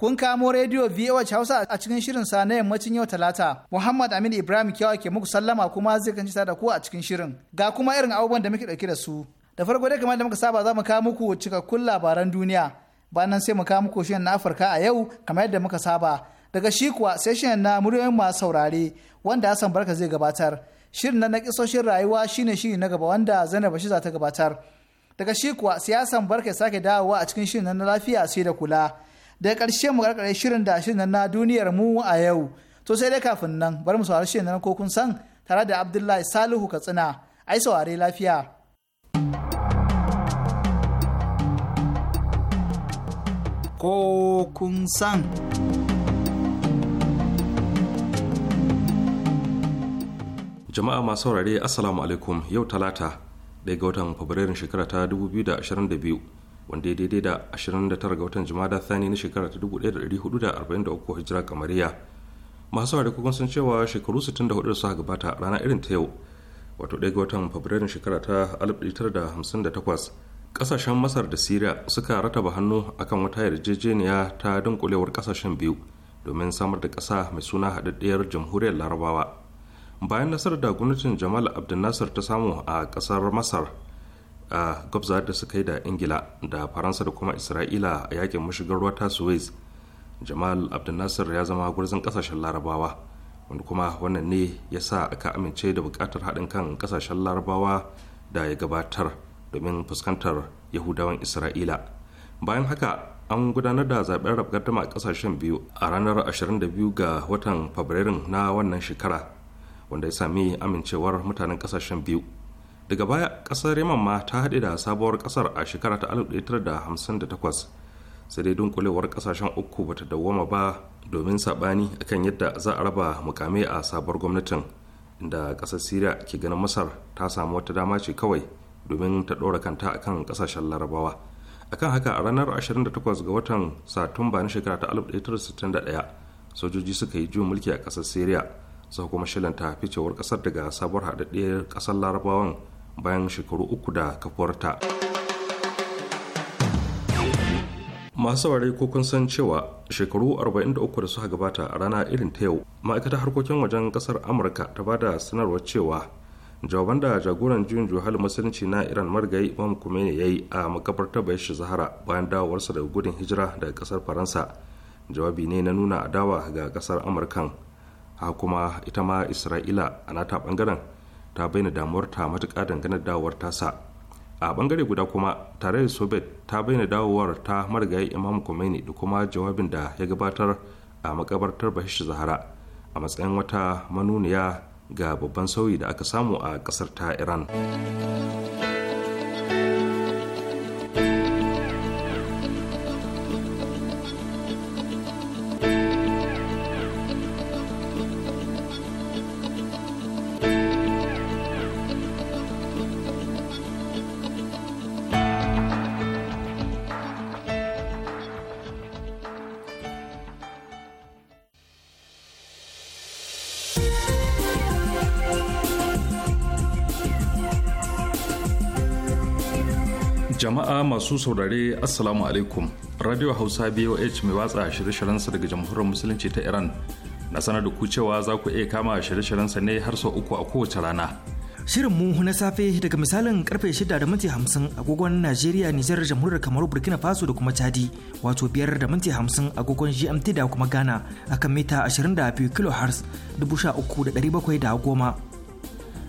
kun kamo rediyo VOH Hausa a cikin shirin sa na yammacin yau Talata. Muhammad Aminu Ibrahim kyawa ke muku sallama kuma zai kanci da ku a cikin shirin. Ga kuma irin abubuwan da muke dauke da su. Da farko dai kamar da muka saba za mu kawo muku cikakkun labaran duniya. Bayan nan sai mu kawo muku shirin na Afirka a yau kamar yadda muka saba. Daga shi kuwa sai shirin na muryoyin masu saurare wanda Hassan Barka zai gabatar. Shirin na na kisoshin rayuwa shine shiri na gaba wanda Zainab Bashir za ta gabatar. Daga shi kuwa siyasan barka sake dawowa a cikin shirin na lafiya sai da kula. da karshe mu karkare shirin da shirin na duniyar mu a yau to sai dai kafin nan bari mu saurari shirin na ko kun san tare da Abdullahi Salihu Katsina ai saurare lafiya ko kun san jama'a masu saurare assalamu alaikum yau talata daga watan fabrairun shekara ta 2022 wanda ya daidai da 29 ga watan jumada thani na shekara ta 1443 hijira kamariya masu saurari kuma sun cewa shekaru 64 da suka gabata rana irin ta yau wato ɗaya ga watan fabrairun shekara ta 1958 ƙasashen masar da syria suka rataba hannu akan wata yarjejeniya ta dunkulewar ƙasashen biyu domin samar da ƙasa mai suna haɗaɗɗiyar jamhuriyar larabawa bayan nasarar da gwamnatin jamal abdulnasir ta samu a ƙasar masar a gwabza da suka yi da ingila da faransa da kuma isra'ila a yakin mashigar ruwa ta suez jamal abdulnasir ya zama gurzin kasashen larabawa wanda kuma wannan ne ya sa aka amince da bukatar haɗin kan kasashen larabawa da ya gabatar domin fuskantar yahudawan isra'ila bayan haka an gudanar da zaben rabgardama a kasashen biyu a ranar 22 ga watan Fabrairu na wannan shekara wanda ya sami amincewar mutanen kasashen biyu daga baya kasar yaman ma ta haɗe da sabuwar kasar a shekara ta 1958 sai dai dunkulewar kasashen uku bata dawwama ba domin saɓani akan yadda za a raba mukamai a sabuwar gwamnatin inda kasar syria ke ganin masar ta samu wata dama ce kawai domin ta ɗora kanta akan kasashen larabawa akan haka a ranar 28 ga watan satumba na shekara ta 1961 sojoji suka yi juyin mulki a kasar syria sau kuma shilanta ficewar kasar daga sabuwar haɗaɗɗiyar ƙasar larabawan bayan shekaru uku da kafuwarta masu saurare ko kun san cewa shekaru 43 da suka gabata a rana irin ta yau ma'aikatar harkokin wajen kasar amurka ta ba da sanarwar cewa jawaban da jagoran juyin juhal musulunci na iran margayi imam kumene ya yi a makabartar bayashi zahara bayan dawowarsa daga gudun hijira daga kasar faransa jawabi ne na nuna adawa ga kasar amurkan ha kuma ita ma isra'ila a nata bangaren ta bayyana ta matuƙa dangane dawowar tasa a bangare guda kuma tare da sobet ta bayyana dawowar ta marigayi imam khomeini da kuma jawabin da ya gabatar a makabartar bahish zahara a matsayin wata manuniya ga babban sauyi da aka samu a ƙasar ta iran masu saurare assalamu alaikum radio hausa boh mai watsa shirye sa daga jamhuriyar musulunci ta iran na sanar da ku cewa za ku iya kama shirye sa ne har sau uku a kowace rana shirin mu na safe daga misalin karfe 6 da minti 50 agogon najeriya nijar jamhuriyar kamaru burkina faso da kuma chadi wato biyar da minti 50 agogon gmt da kuma ghana akan mita 22 kilohertz 13710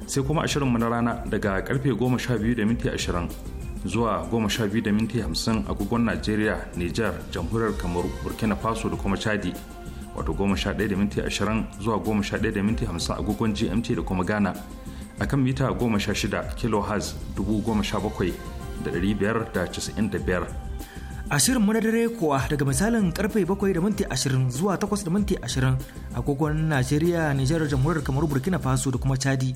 sai kuma a shirinmu na rana daga karfe goma 12 da minti ashirin. zuwa 12:50 agogon Najeriya, Nijar, Jamhuriyar Kamaru, Burkina Faso da kuma Chadi. Wato 11:20 zuwa 11:50 agogon GMT da kuma Ghana. A kan mita 16 kHz da biyar. A shirin dare kuwa daga misalin karfe bakwai da minti ashirin zuwa takwas da minti 20 agogon Najeriya, Nijar, Jamhuriyar Kamaru, Burkina Faso da kuma Chadi.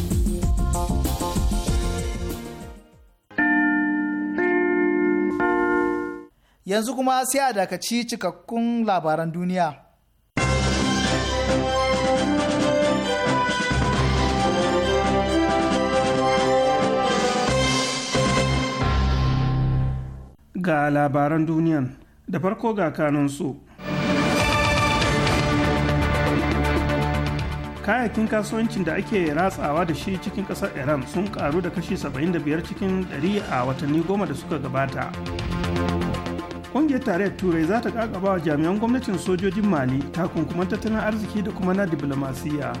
yanzu kuma sai a dakaci cikakkun labaran duniya. Ga labaran duniyan da farko ga kanunsu. kayakin kasuwancin da ake ratsawa da shi cikin kasar iran sun karu da kashi 75 cikin 100 a watanni goma da suka gabata tare tarayyar turai za ta kakaba jami'an gwamnatin sojojin mali takunkuman tattalin arziki da kuma na diplomasiya.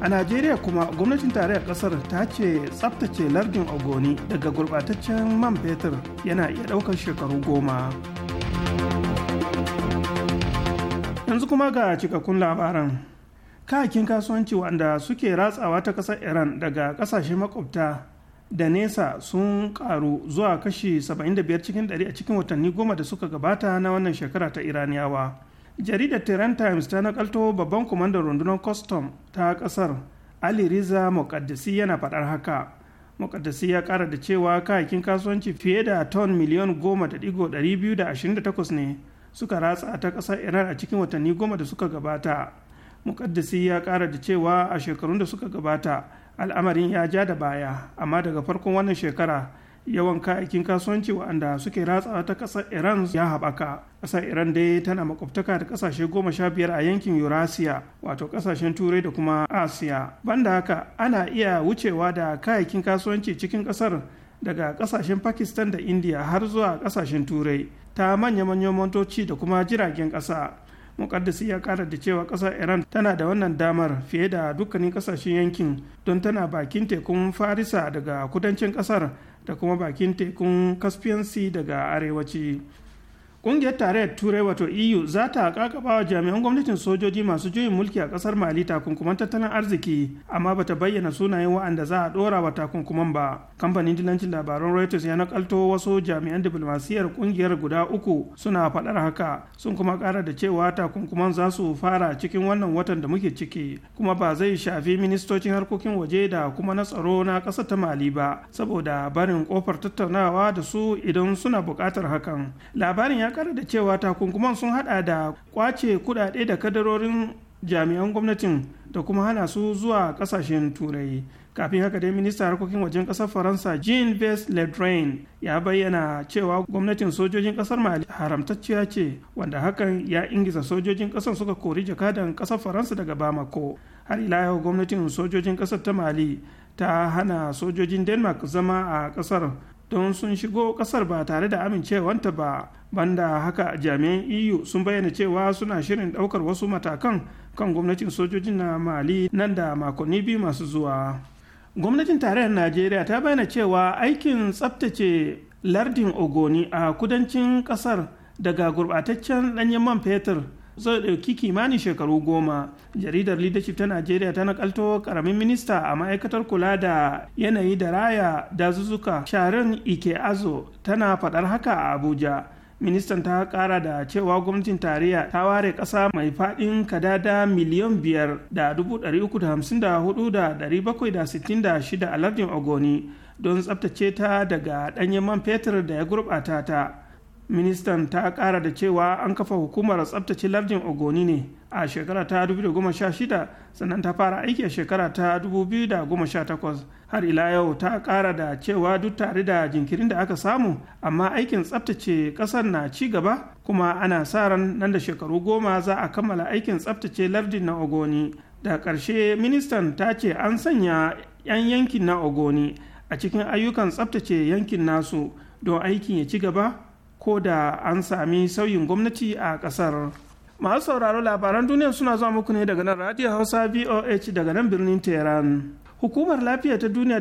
a najeriya kuma gwamnatin tarayyar kasar ta ce tsabtace lardin ogoni daga gurbataccen man fetur yana iya ɗaukar shekaru goma yanzu kuma ga cikakkun labaran kayakin kasuwanci wanda suke ratsawa ta ƙasar iran daga ƙasashe makwabta da nesa sun karu zuwa kashi 75 cikin 100 a cikin watanni goma da suka gabata na wannan shekara ta iraniyawa jaridar tehran times ta nakalto babban kwamandan rundunar custom ta kasar ali riza mukaddasi yana fadar haka mukaddasi ya kara da cewa kayakin kasuwanci fiye da ton miliyan 10,228 ne suka ratsa ta kasar iran a cikin watanni goma da suka gabata mukaddasi ya kara da cewa a shekarun da suka gabata al'amarin ya ja da baya amma daga farkon wannan shekara yawan kayakin kasuwanci waɗanda suke ratsawa ta ƙasar iran ya haɓaka ƙasar iran dai tana makwabtaka da ƙasashe goma sha biyar a yankin eurasia wato ƙasashen turai da kuma asiya banda haka ana iya wucewa da kayakin kasuwanci cikin ƙasar daga ƙasashen pakistan da india har zuwa ƙasashen turai ta manya-manyan motoci da kuma jiragen ƙasa mukaddasi ya kara da cewa kasar iran tana da wannan damar fiye da dukkanin kasashen yankin don tana bakin tekun farisa daga kudancin kasar da kuma bakin tekun caspian sea daga arewaci ƙungiyar tarayyar turai wato eu za ta kakaba wa jami'an gwamnatin sojoji masu juyin mulki a ƙasar mali takunkuman tattalin arziki amma bata bayyana sunayen wa'anda za a ɗora wa takunkuman ba kamfanin dilancin labaran reuters ya nakalto wasu jami'an diplomasiyar ƙungiyar guda uku suna faɗar haka sun kuma ƙara da cewa takunkuman za su fara cikin wannan watan da muke ciki kuma ba zai shafi ministocin harkokin waje da kuma na tsaro na ƙasar ta mali ba saboda barin kofar tattaunawa da su idan suna buƙatar hakan labarin ya ya kara da cewa takunkuman sun hada da kwace kudade da kadarorin jami'an gwamnatin da kuma hana su zuwa kasashen turai kafin haka dai ministan harkokin wajen kasar faransa jean ves le drain ya bayyana cewa gwamnatin sojojin kasar mali haramtacciya ce wanda hakan ya ingiza sojojin kasar suka kori jakadan kasar faransa daga bamako har ila yau gwamnatin sojojin kasar ta mali ta hana sojojin denmark zama a kasar don sun shigo kasar ba tare da amincewanta ba banda haka jami'an eu sun bayyana cewa suna shirin daukar wasu matakan kan gwamnatin sojojin na mali nan da makonni biyu masu zuwa gwamnatin tarayyar najeriya ta bayyana cewa aikin tsabtace lardin ogoni a kudancin kasar daga gurbataccen danyen man fetur zai ɗauki kimanin shekaru goma jaridar leadership ta najeriya ta nakalto karamin minista a ma'aikatar kula da yanayi da raya dazuzzuka sharon ike azo tana faɗar haka a abuja ministan ta kara da cewa gwamnatin tarayya ta ware kasa mai fadin kadada miliyan biyar da dubu ɗari uku da hamsin da hudu da ɗari bakwai da sittin da shida a lardin ogoni don tsabtace ta daga danyen man fetur da ya gurbata ta ministan ta kara da cewa an kafa hukumar tsabtace lardin ogoni ne a shekara ta 2016 sannan ta fara aiki a shekara ta 2018 har ila yau ta kara da cewa duk tare da jinkirin da aka samu amma aikin tsabtace kasar na ci gaba kuma ana sa ran nan da shekaru goma za a kammala aikin tsabtace lardin na ogoni da ƙarshe ministan ta ce an sanya 'yan yankin na ogoni a cikin ayyukan tsabtace yankin nasu don aikin ya ci gaba ko da an sami sauyin gwamnati a ƙasar. masu sauraro labaran duniya suna zuwa muku ne daga nan radio hausa voh daga nan birnin tehran hukumar lafiya ta duniya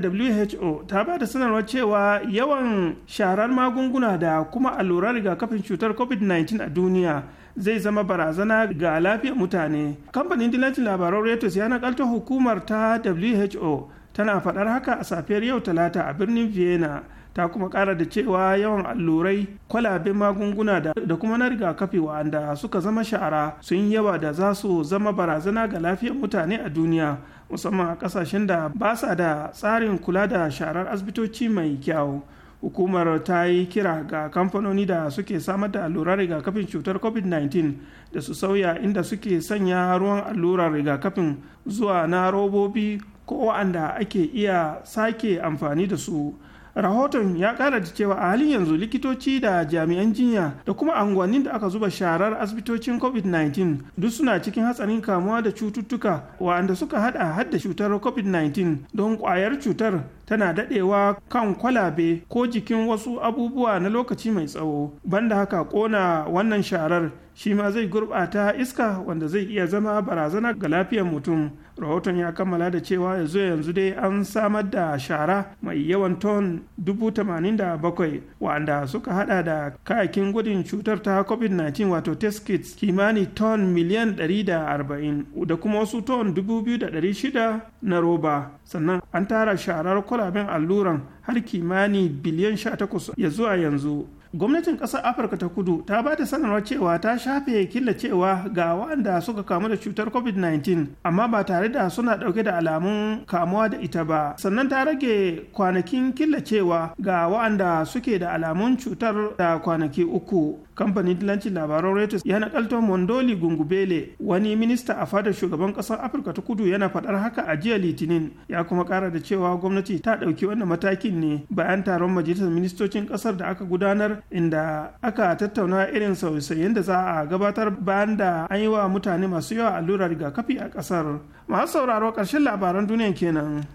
who ta ba da sanarwar cewa yawan sharar magunguna da kuma allurar rigakafin cutar covid-19 a duniya zai zama barazana ga lafiyar mutane kamfanin dilancin labaran reuters ya nakalta hukumar ta who tana faɗar haka a safiyar yau talata a birnin vienna ta kuma kara da cewa yawan allurai kwalaben magunguna da kuma na rigakafi wa'anda suka zama shara sun yawa da za su zama barazana ga lafiyar mutane a duniya musamman a kasashen da ba sa da tsarin kula da sharar asibitoci mai kyau hukumar ta yi kira ga kamfanoni da suke samar da allurar rigakafin cutar covid-19 da su sauya inda suke sanya ruwan allurar rigakafin zuwa na robobi ko wa'anda ake iya sake amfani da su rahoton ya kara da cewa a halin yanzu likitoci da jami'an jinya da kuma angwannin da aka zuba sharar asibitocin covid-19 duk suna cikin hatsarin kamuwa da cututtuka wa'anda suka hada hadda cutar covid-19 don kwayar cutar tana dadewa kan kwalabe ko jikin wasu abubuwa na lokaci mai tsawo banda haka kona wannan sharar shi ma zai gurbata iska wanda zai iya zama barazana ga lafiyar mutum rahoton ya kammala da cewa yanzu yanzu dai an samar da shara mai yawan ton 87,000 wanda suka hada da kayakin gudun cutar ta covid-19 wato test kits kimani ton miliyan 140 da kuma wasu ton 2,600 na roba sannan an tara sharar kwalaben alluran har kimani biliyan 18 ya zuwa yanzu gwamnatin ƙasar afirka ta kudu ta ba da sanarwar cewa ta shafe killacewa ga waɗanda suka kamu da cutar covid-19 amma ba tare da suna ɗauke da alamun kamuwa da ita ba sannan ta rage kwanakin killacewa ga waɗanda suke da alamun cutar da kwanaki uku kamfanin dilancin labaran reuters ya nakalto mondoli gungubele wani minista a fadar shugaban kasar afirka ta kudu yana fadar haka a jiya litinin ya kuma kara da cewa gwamnati ta dauki wannan matakin ne bayan taron majalisar ministocin kasar da aka gudanar inda aka tattauna irin sauye-sauyen da za a gabatar bayan da an yi wa mutane masu yawa allurar rigakafi a kasar masu sauraro karshen labaran duniya kenan.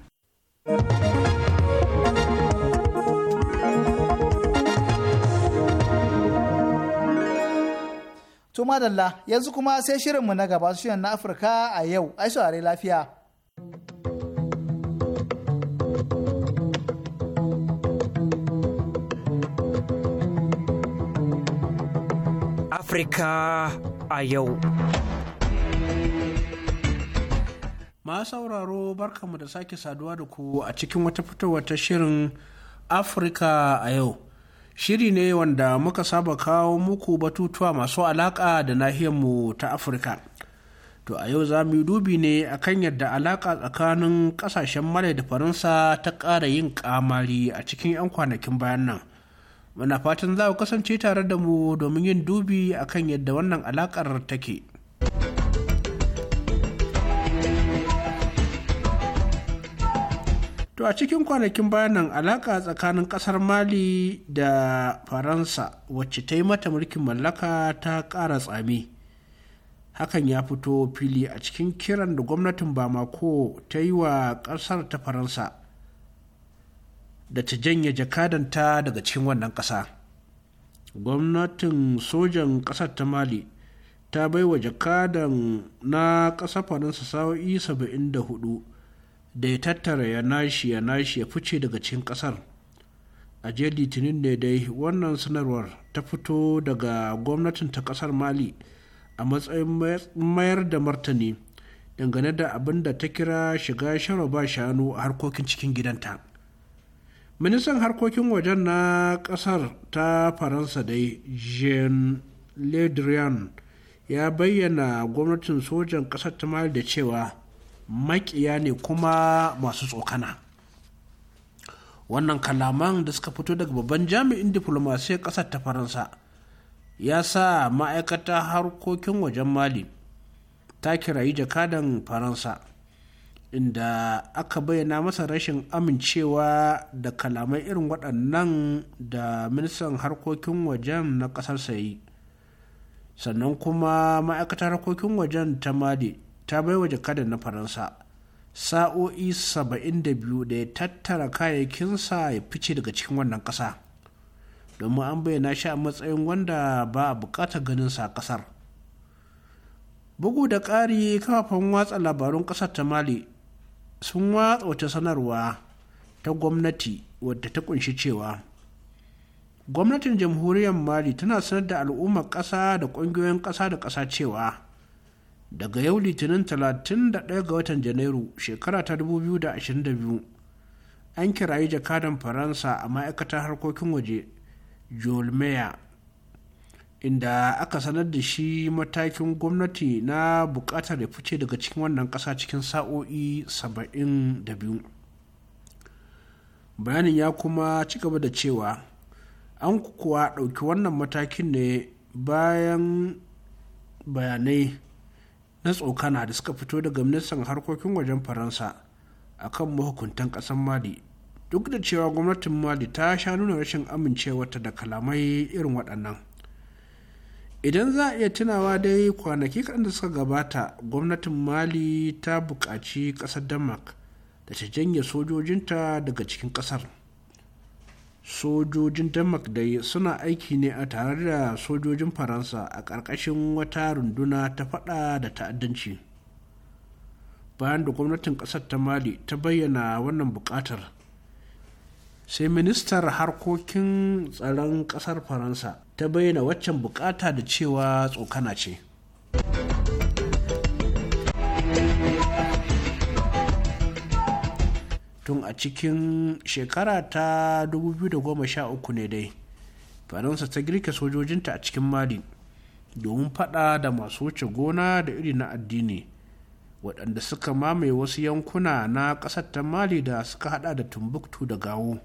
To madalla yanzu kuma sai shirinmu na gaba shirin na Afirka a yau, ai saurare lafiya. Afirka a yau. Ma sauraro barkamu da sake saduwa da ku a cikin wata fitowar ta shirin Afirka a yau. shiri ne wanda muka saba kawo muku batutuwa masu alaƙa da nahiyarmu ta afirka to a yau za mu yi dubi ne akan yadda alaƙa tsakanin ƙasashen malai da faransa ta ƙara yin ƙamari a cikin 'yan kwanakin bayan nan muna fatan za ku kasance tare da mu domin yin dubi a kan yadda wannan alaƙar take. to a cikin kwanakin bayanan alaka tsakanin kasar mali da faransa wacce ta yi mata mulkin mallaka ta ƙara tsami hakan ya fito fili a cikin kiran da gwamnatin bamako ta yi wa ƙasar ta faransa da ta janye jakadanta daga cikin wannan ƙasa gwamnatin sojan ƙasar ta mali ta baiwa jakadan na ƙasa faransa sa'o'i 74 da ya tattara ya nashi ya nashi ya fice daga cikin kasar a jiya litinin ne dai wannan sanarwar ta fito daga gwamnatin ta kasar mali a matsayin mayar da martani dangane da abin da ta kira shiga sharo ba shanu a harkokin cikin gidanta ministan harkokin wajen na kasar ta faransa dai jean ledrian ya bayyana gwamnatin sojan kasar ta mali da cewa maƙiya ne kuma masu tsokana wannan kalaman da suka fito daga babban jami'in diflomasiyar ƙasar ta faransa ya sa ma'aikata harkokin wajen mali ta kirayi jakadan faransa inda aka bayyana masa rashin amincewa da kalamai irin waɗannan da ministan harkokin wajen na ƙasar sayi sannan kuma ma'aikatar harkokin wajen ta mali ta baiwa jakadan na faransa sa'o'i 72 da ya tattara kayayyakinsa ya fice daga cikin wannan ƙasa domin an bayyana shi a matsayin wanda ba a buƙatar ganin sa a ƙasar bugu da ƙari kafafen watsa labarun ƙasar ta mali sun watsa wata sanarwa ta gwamnati wadda ta kunshi cewa gwamnatin jamhuriyar mali tana sanar da al'ummar ƙasa da ƙungiyoyin ƙasa da ƙasa cewa daga yau litinin 31 ga watan janairu shekara ta 2022 an kirayi jakadan faransa a ma'aikatar harkokin waje joel inda aka sanar da shi matakin gwamnati na bukatar ya fice daga cikin wannan kasa cikin sa'o'i 72 bayanin ya kuma ci gaba da cewa an kuwa ɗauki wannan matakin ne bayan bayanai na tsokana da suka fito daga ministan harkokin wajen faransa a kan mahukuntan ƙasar mali duk da cewa gwamnatin mali ta sha nuna rashin amincewarta da kalamai irin waɗannan idan za a iya tunawa dai kwanaki kaɗan da suka gabata gwamnatin mali ta buƙaci ƙasar denmark da ta janye sojojinta daga cikin ƙasar sojojin denmark dai suna aiki ne a tare da sojojin faransa a ƙarƙashin wata runduna ta faɗa da ta'addanci bayan da gwamnatin ƙasar ta mali ta bayyana wannan buƙatar sai ministar harkokin tsaron ƙasar faransa ta bayyana waccan buƙata da cewa tsokana ce. tun a cikin shekara ta 2013 ne dai faransa ta girke sojojinta a cikin mali domin fada da masu wuce gona da iri na addini waɗanda suka mamaye wasu yankuna na ƙasar ta mali da suka hada da tumbuktu da gawo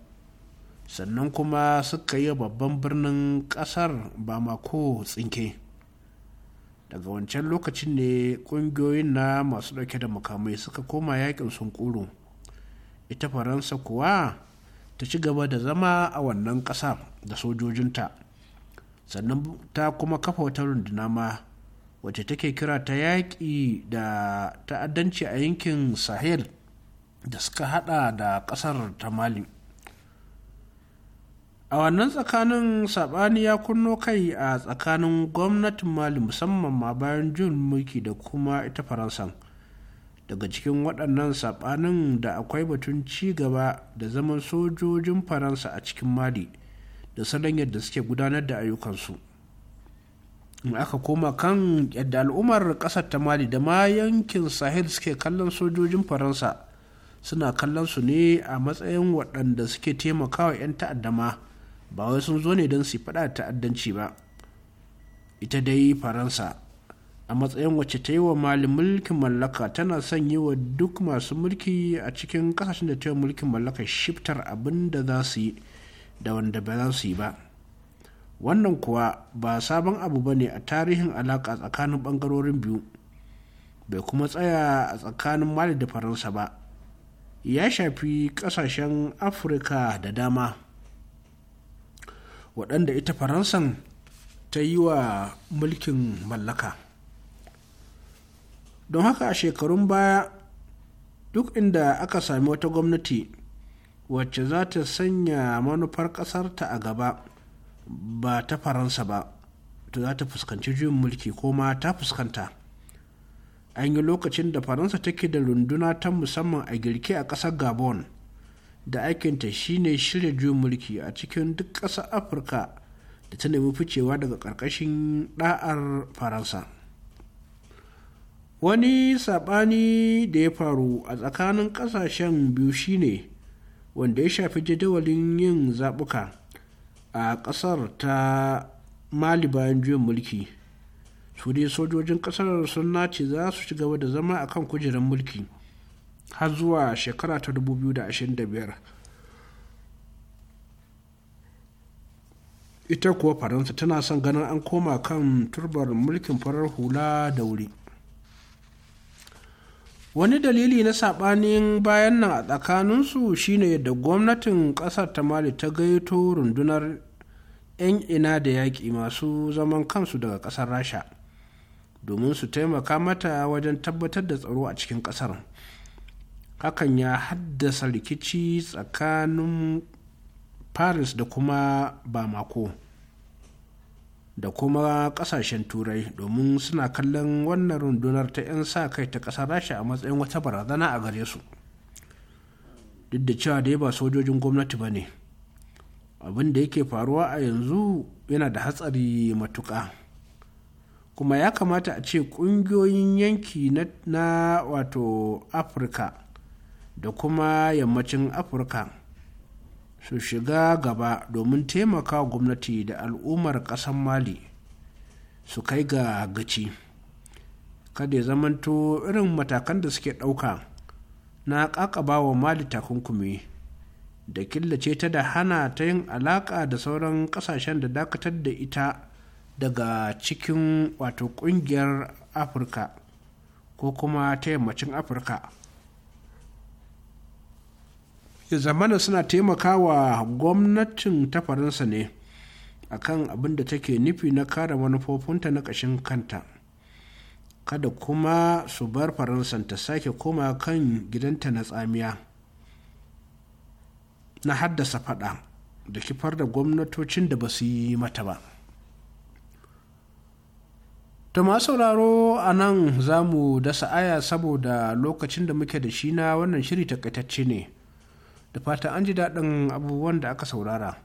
sannan kuma suka yi babban birnin ƙasar bamako tsinke daga wancan lokacin ne ƙungiyoyin na masu ɗauke da makamai suka koma yaƙin sunkuru. ita faransa kuwa ta ci gaba da zama a wannan ƙasa da sojojinta sannan ta kuma kafa wata rundunama ma wacce take kira ta yaƙi da ta'addanci a yankin sahel da suka hada da ƙasar ta mali a wannan tsakanin saɓani ya kunno kai a tsakanin gwamnatin mali musamman ma bayan jun mulki da kuma ita faransan daga cikin waɗannan saɓanin da akwai batun ci gaba da zaman sojojin faransa a cikin mali da salon yadda suke gudanar da ayyukansu in aka koma kan yadda al'ummar ƙasar ta mali da ma yankin sahel suke kallon sojojin faransa suna kallon su ne a matsayin waɗanda suke taimakawa 'yan ta'addama ba wai sun zo ne don su faɗa ta'addanci ba ita dai faransa a matsayin wacce ta yi wa malin mulkin mallaka tana son yi wa duk masu mulki a cikin kasashen da ta yi mulkin mallaka shiftar abin da za su yi da wanda ba za su yi ba wannan kuwa ba sabon abu ba ne a tarihin alaƙa tsakanin ɓangarorin biyu bai kuma tsaya a tsakanin mali da faransa ba ya shafi ƙasashen afirka da dama waɗanda ita faransan ta yi wa mulkin mallaka don haka a shekarun baya duk inda aka sami wata gwamnati wacce za ta sanya manufar ƙasarta a gaba ba ta faransa ba to za ta fuskanci juyin mulki ko ma ta fuskanta an yi lokacin da faransa take da runduna ta musamman a girke a ƙasar gabon da aikinta shine shirya juyin mulki a cikin duk ƙasar afirka da ta nemi ficewa daga ƙarƙashin ɗa'ar faransa wani saɓani da ya faru a tsakanin kasashen biyu shine wanda ya shafi jadawalin yin zabuka a kasar ta mali bayan juyin mulki su dai sojojin ƙasar sun nace za su ci gaba da zama a kan kujerar mulki har zuwa shekara ta 2025 ita kuwa faransa tana son ganin an koma kan turbar mulkin farar hula da wuri wani dalili na saɓanin bayan nan a tsakaninsu shine da gwamnatin ƙasar ta mali ta gaito rundunar 'yan ina da yaƙi masu zaman kansu daga ƙasar rasha domin su taimaka mata wajen tabbatar da tsaro a cikin ƙasar hakan ya haddasa rikici tsakanin paris da kuma bamako da kuma kasashen turai domin suna kallon wannan rundunar ta 'yan sa kai ta ƙasa rasha a matsayin wata barazana a gare su duk da cewa dai ba sojojin gwamnati ba ne abin da yake faruwa a yanzu yana da hatsari matuƙa kuma ya kamata a ce ƙungiyoyin yanki na wato afirka da kuma yammacin afirka su shiga gaba domin taimaka gwamnati da al'ummar ƙasar mali su kai ga gaci kada ya zamanto irin matakan da suke ɗauka na ƙaƙaba wa mali takunkumi da killace ta da hana ta yin alaƙa da sauran ƙasashen da dakatar da ita daga cikin wato ƙungiyar afirka ko kuma ta yammacin afirka ya zamana suna taimakawa gwamnatin ta faransa ne akan abin da take nufi na kare manufofinta na ƙashin kanta kada kuma su bar faransan ta sake koma kan gidanta na tsamiya na haddasa fada da kifar da gwamnatocin da ba su yi mata ba ta masu sauraro a nan za mu dasa aya saboda lokacin da muke da shi na wannan shiri takaitacce ne. da fata an ji daɗin abubuwan da aka saurara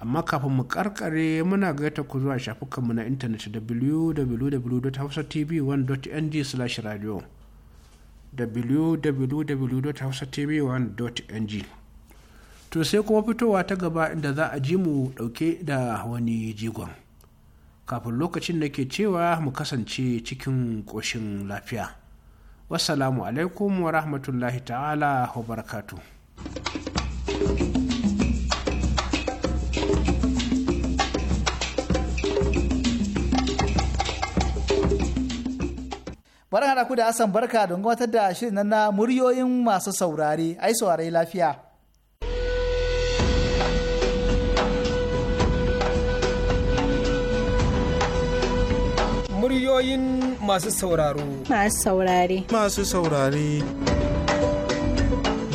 amma kafin mu karkare muna gaita ku zuwa shafukanmu na intanet www.hausatv1.ng/radio www.hausatv1.ng to sai kuma fitowa ta gaba inda za a ji mu ɗauke da wani jigon kafin lokacin da ke cewa mu kasance cikin ƙoshin lafiya wasu alaikum wa rahmatullahi ta'ala wa barakatuh Barin haraku ku da Hassan Barka don gabatar da shirin nan na muryoyin masu saurare, ai saurare lafiya. Muryoyin masu sauraro. Masu saurare. Masu saurare.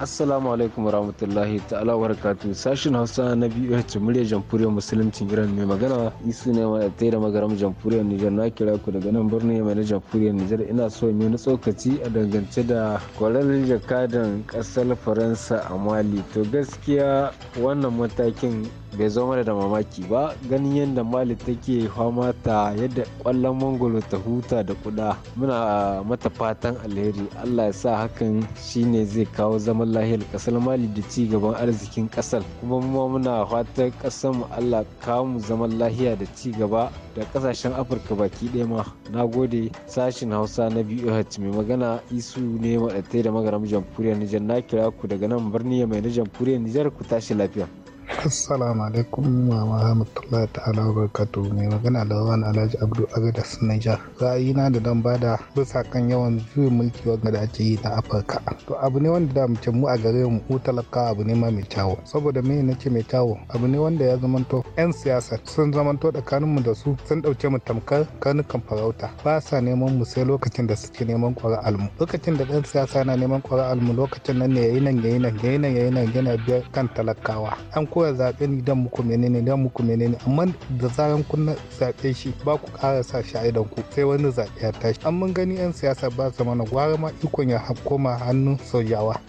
assalamu alaikum warahmatullahi ta'ala barakatu sashin hausa na biyu ta murya jamhuriyar musuluncin iran mai magana isu ne mai tsaye da magaram jamhuriyar nijar na kira ku daga nan birnin mai na jamhuriyar nijar ina so yi na tsokaci a dangance da kwararren jakadan kasar faransa a mali to gaskiya wannan matakin bai zo mana da mamaki ba ganin yadda mali take fama ta yadda kwallon mangolo ta huta da kuda muna mata fatan alheri allah ya sa hakan shine zai kawo zama zaman lahiyar kasar mali da ci gaban arzikin kasar kuma mu muna fatan kasar mu allah kamu zaman lahiya da ci gaba da kasashen afirka baki ɗaya ma na gode sashin hausa na biyu hajji mai magana isu ne maɗattai da magaram jamhuriyar nijar na kira ku daga nan birni mai na jamhuriyar nijar ku tashi lafiya Assalamu alaikum mama Hamdulillah ta'ala wa barkatu mai magana da wani Alhaji Abdul Agadas Niger. na da dan bada bisa kan yawan juyin mulki wanda da ake yi na Afirka. To abu ne wanda da mace mu a gare mu ko talaka abu ne ma mai kyawu. Saboda me ce mai kyawu abu ne wanda ya zamanto yan siyasa sun zamanto tsakanin mu da su sun dauke mu tamkar karnukan farauta. Ba sa neman mu sai lokacin da suke neman ƙwara'al mu. Lokacin da 'yan siyasa na neman ƙwara'al mu lokacin nan ne yayi nan yayi nan yayi nan yayi nan yana biyar kan talakawa. An koya zaɓe ni dan muku menene dan muku menene amma da zaran kun zaɓe shi ba ku ƙara sa shi ku sai wani zaɓe ya tashi an mun gani 'yan siyasa ba su mana gwara ma ikon ya koma hannun sauyawa.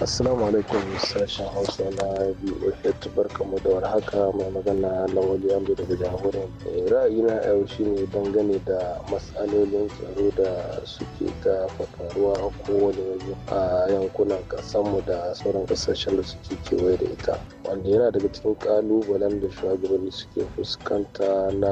Assalamu alaikum sashen Hausa na BOH mu da haka mai magana Lawali Amdo daga ra'ayi na yau shine dangane da matsalolin tsaro da suke ta fafaruwa a kowane waje a yankunan kasanmu da sauran kasashen da suke kewaye da ita. Wanda yana daga cikin kalubalen da shugabanni suke fuskanta na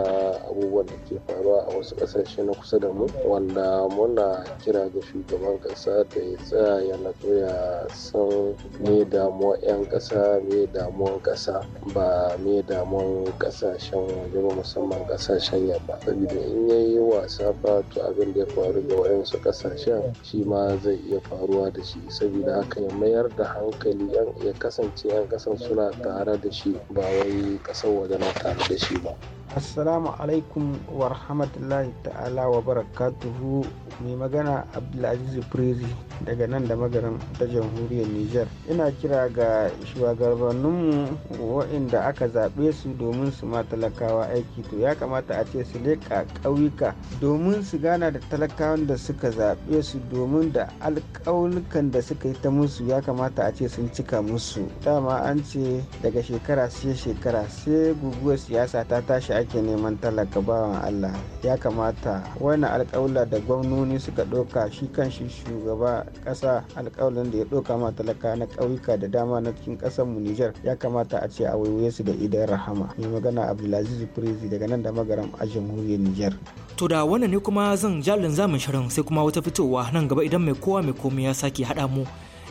abubuwan da ke faruwa a wasu kasashe na kusa da mu wanda muna kira ga shugaban kasa da ya tsaya ya natsu ya san me damuwan 'yan ƙasa me damuwan ƙasa ba me damuwan ƙasashen waje ba musamman ƙasashen yamma sabida in ya yi wasa fa to abin da ya faru ga wayansu ƙasashen shi ma zai iya faruwa da shi saboda haka ya mayar da hankali ya kasance 'yan ƙasan suna tare da shi ba wai ƙasar waje na tare da shi ba. Assalamu alaikum wa rahmatullahi ta'ala wa barakatuhu mai magana Abdulaziz Prezi daga nan da magarin ta jamhuriyar Nijar. Ina kira ga shugabanninmu waɗanda aka zaɓe su domin su ma talakawa aiki to ya kamata a ce su leƙa ƙauyuka domin su gana da talakawan da suka zaɓe su domin da alƙaulukan da suka yi ta musu ya kamata a ce sun cika musu. Dama an ce daga shekara sai shekara sai guguwar siyasa ta tashi ake neman talaka bawan Allah ya kamata wani alƙawula da gwamnoni suka ɗauka shi kan shi shugaba kasa alkawalin da ya ɗauka ma talaka na ƙauyuka da dama na cikin ƙasar mu Nijar ya kamata a ce a waiwaye su da idan rahama mai magana Abdulaziz Prezi daga nan da magaram a jamhuriyar Nijar. To da wannan ne kuma zan jalin zamin shirin sai kuma wata fitowa nan gaba idan mai kowa mai komai ya sake haɗa mu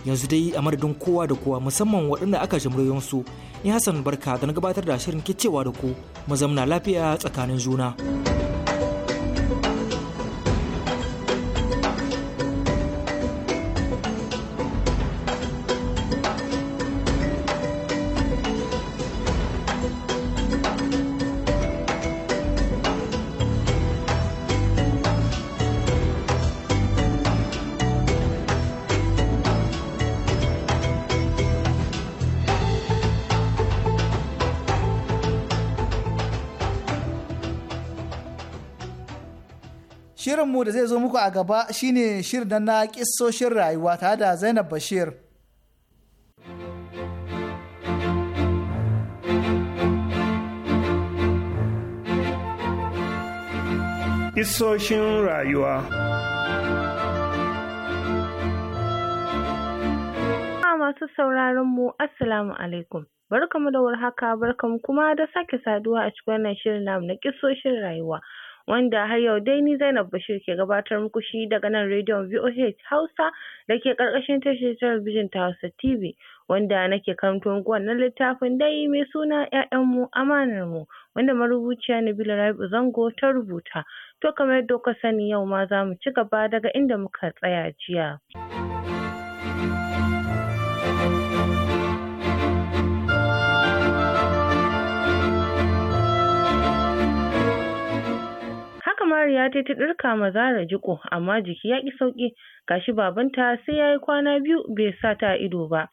yanzu dai a madadin kowa da kowa musamman waɗanda aka jimriyon su ni Hassan Barka da na gabatar da shirin kicewa da ku mu zamna lafiya tsakanin juna. mu da zai zo muku a gaba shine shirin na kissoshin rayuwa tare da Zainab Bashir. Kissoshin rayuwa masu sauraron mu Assalamu alaikum. Barkamu da warhaka, barkamu kuma da sake saduwa a cikin wannan shirin namu na kissoshin rayuwa. wanda har yau dai ni Zainab Bashir ke gabatar muku shi daga nan rediyon VOH Hausa da ke ƙarƙashin tashar talabijin ta Hausa TV wanda nake karanto muku wannan littafin dai mai suna ‘ya'yanmu amanar mu wanda marubuciya Nabila Rabi'u Zango ta rubuta. To kamar yadda kuka sani yau ma za mu ci gaba daga inda muka tsaya jiya. Mariya tai ta ɗirka ma Zara jiƙo amma jiki ya ƙi sauƙi, ga shi babanta sai yayi kwana biyu bai sa ta a ido ba.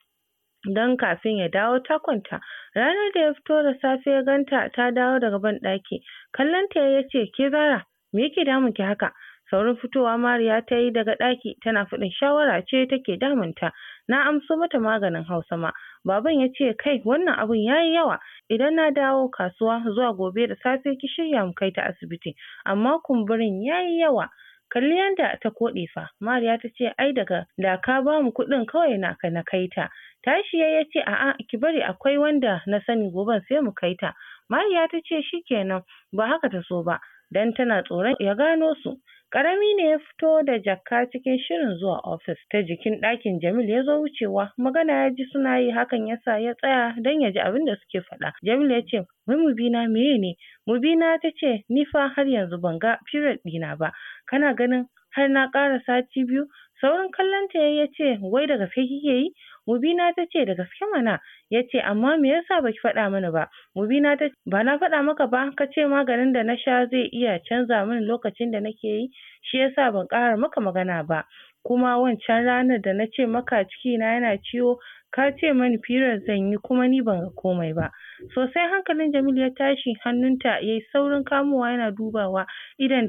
dan kafin ya dawo ta kwanta. Ranar da ya fito da safe ya ganta ta dawo daga banɗaki, kallonta yayi ya ce, ke Zara, me yake damun ki haka? Saurin fitowa Mariya ta yi daga ɗaki tana faɗin shawara ce take damun ta. Na amso mata maganin Hausa ma. Baban ya ce kai wannan abun ya yi yawa. Idan na dawo kasuwa zuwa gobe da safe ki shirya mu kai ta asibiti. Amma kumburin ya yi yawa. Kalli yanda ta koɗe fa. Mariya ta ce ai daga da ka ba kuɗin kawai na na kai ta. tashi ya ce a'a ki bari akwai wanda na sani goben sai mu kai ta. Mariya ta ce shikenan ba haka ta so ba. Dan tana tsoron ya gano su. Ƙarami ne ya fito da jaka cikin shirin zuwa ofis, ta jikin ɗakin Jamil ya zo wucewa, magana ya ji suna yi hakan ya sa ya tsaya don ya ji abin da suke faɗa. Jamil ya ce, wai Mubina meye ne? Mubina ta ce, ni fa har yanzu ban ga period ɗina ba, kana ganin har na ƙara sati biyu Saurin kallon ta yayi yace wai da gaske kike yi? Mubina ta ce da gaske mana ya ce amma me yasa baki faɗa mana ba Mubina ta ba na faɗa maka ba ka ce maganin da na sha zai iya canza min lokacin da nake yi shi yasa ban ƙara maka magana ba kuma wancan ranar da na ce maka ciki na yana ciwo ka ce mani period zan yi kuma ni ban ga komai ba sosai hankalin Jamilu ya tashi hannunta yayi saurin kamowa yana dubawa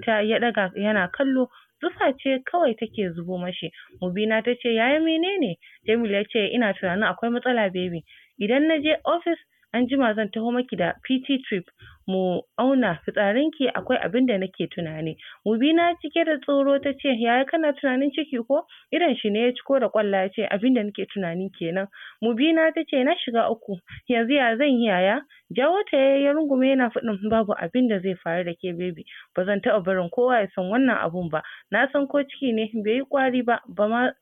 ta ya ɗaga yana kallo zufa ce kawai take zubo mashi. Mubina tace yaya menene? Jamilu ya ce, ina tunanin akwai matsala baby. Idan na je ofis anjima zan taho maki da pt trip mu auna fitsarin ki, akwai abin da nake tunani mubina cike da tsoro tace yaya kana tunanin ciki ko idon shi ne ya ciko da ƙwalla abin da nake tunani kenan mubina tace na shiga uku yanzu ya zan yi yaya jawo ta yayi ya rungume yana faɗin babu abinda zai faru da ke baby bazan taɓa barin kowa ya san wannan abun ba na san ko ciki ne bai yi ƙwari ba bama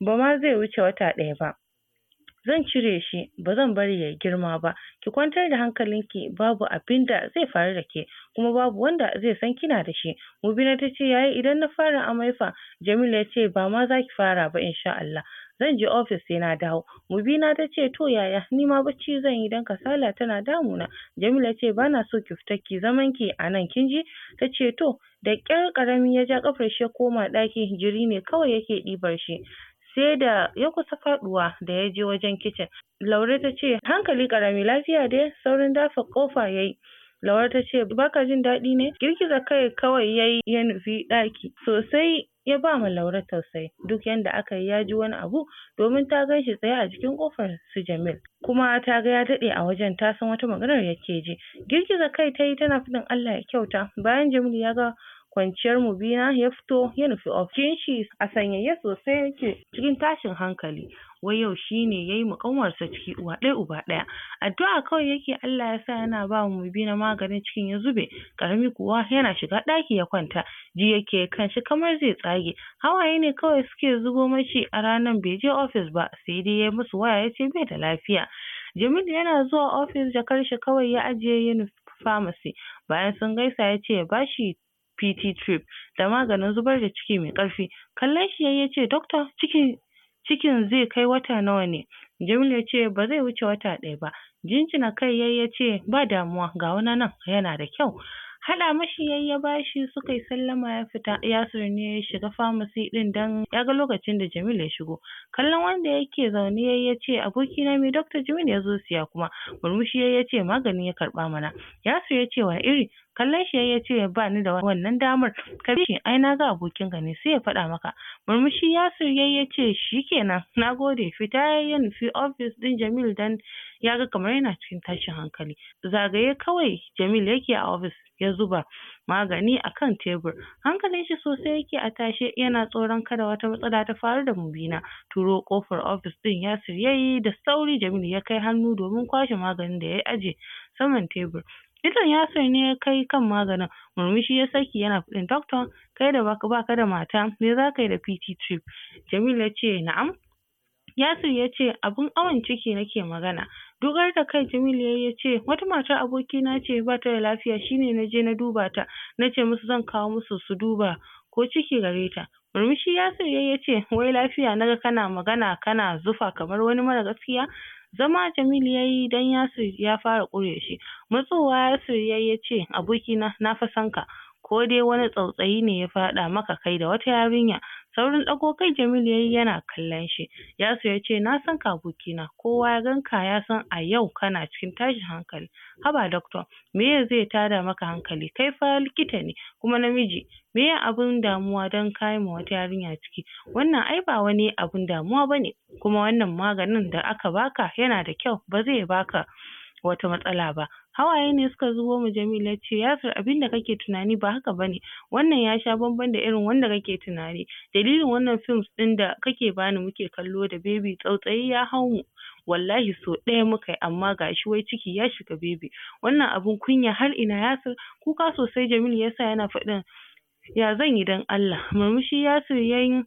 bama zai wuce wata ɗaya ba zan cire shi ba zan bari yayi girma ba ki kwantar da hankalinki babu abinda zai faru da ke kuma babu wanda zai san kina da shi Mubina ta ce yayi idan na fara amai fa Jamilu ya ce ba ma za ki fara ba insha Allah zan je ofis sai na dawo Mubina ta ce to yaya ni ma bacci zan yi dan kasala tana damuna Jamila ce bana so ki fita ki zaman ki a nan kin ji ta ce to da ƙyar ƙarami ya ja ƙafar shi ya koma ɗaki jiri ne kawai yake ɗibar shi sai da ya kusa faɗuwa da ya je wajen kicin. Laure ta ce, hankali ƙarami lafiya dai saurin dafa ƙofa ya yi. Laure ta ce, baka jin daɗi ne? Girgiza kai kawai ya yi ya nufi ɗaki. Sosai ya ba ma Laure tausayi. Duk yadda aka yi ya ji wani abu domin ta gan shi tsaye a jikin ƙofar su Jamil. Kuma ta ga ya daɗe a wajen ta san wata maganar yake ji. Girgiza kai ta yi tana faɗin Allah ya kyauta. Bayan Jamil ya ga kwanciyar mu bina ya fito ya nufi ofishin shi a sanyaye sosai yake cikin tashin hankali wai yau shine yayi ma ciki uwa ɗaya uba ɗaya addu'a kawai yake Allah ya sa yana ba mu bina maganin cikin ya zube karami kuwa yana shiga ɗaki ya kwanta ji yake shi kamar zai tsage hawaye ne kawai suke zubo mashi a ranar bai je ofis ba sai dai ya musu waya ya ce bai da lafiya Jamilu yana zuwa ofis jakar shi kawai ya ajiye ya nufi pharmacy bayan sun gaisa ya ce ya bashi pt trip da maganin zubar da ciki mai ƙarfi kallon shi yayi yace doctor cikin cikin zai kai wata nawa ne Jamilu yace ba zai wuce wata ɗaya ba jinjina kai yayi yace ba damuwa ga wani nan yana da kyau haɗa mashi yayi ya bashi suka sallama ya fita Yasir ne ya shiga famasi ɗin dan ya ga lokacin da Jamilu ya shigo kallon wanda yake zaune yayi yace aboki na me Dr. Jamilu ya zo siya kuma murmushi yayi yace magani ya karɓa mana Yasir yace wa iri kallon shi ya ce ba ni da wannan damar ka bi ai na ga abokinka ne sai ya faɗa maka murmushi yasir ya ce shikenan na gode fita ya nufi ofis ɗin jamil dan ya ga kamar yana cikin tashin hankali zagaye kawai jamil yake a ofis ya zuba magani a kan tebur hankalin shi sosai yake a tashe yana tsoron kada wata matsala ta faru da mubina turo kofar ofis ɗin ya yayi da sauri jamil ya kai hannu domin kwashe maganin da ya ajiye saman tebur Likitan Yasir ne ya kai kan maganin, murmushi ya saki yana faɗin Doctor, kai da baka da mata, me za ka yi da PT Trip? Jamil ya ce, Na'am. Yasir ya ce, Abin awon ciki nake magana. Dogar da kai Jamil ya ce, Wata matar abokina ce ba ta da lafiya shine na je na duba ta, na ce musu zan kawo musu su duba ko ciki gare ta. Murmushi Yasir ya ce, Wai lafiya naga kana magana kana zufa kamar wani mara gaskiya, Zama Jamilu ya yi don Yasir ya fara ƙure shi. Matsowa Yasir ya yi ce, abokina na fa ka, ko dai wani tsautsayi ne ya faɗa maka kai da wata yarinya. Saurin ɗago kai Jamilu yayi yana kallon shi. Yasir ya ce, Na san ka na kowa ya ganka ya san a yau kana cikin tashin hankali. Haba doctor, meye zai tada maka hankali? Kai fa likita ne, kuma namiji. me Meye abun damuwa don ka yi ma wata yarinya ciki? Wannan ai ba wani abin damuwa ba ne, kuma wannan maganin da aka baka yana da kyau, ba zai baka wata matsala ba. Hawaye ne suka zubo ma Jamilu ya ce, Yasir abin da kake tunani ba haka ba ne, wannan ya sha bamban da irin wanda kake tunani. Dalilin wannan films ɗin da kake bani muke kallo da Baby tsautsayi ya hau mu. Wallahi so ɗaya muka yi amma gashi wai ciki ya shiga Baby. Wannan abin kunya har ina Yasir kuka sosai Jamilu yasa yana faɗin ya zan yi don Allah. Murmushi Yasir ya yi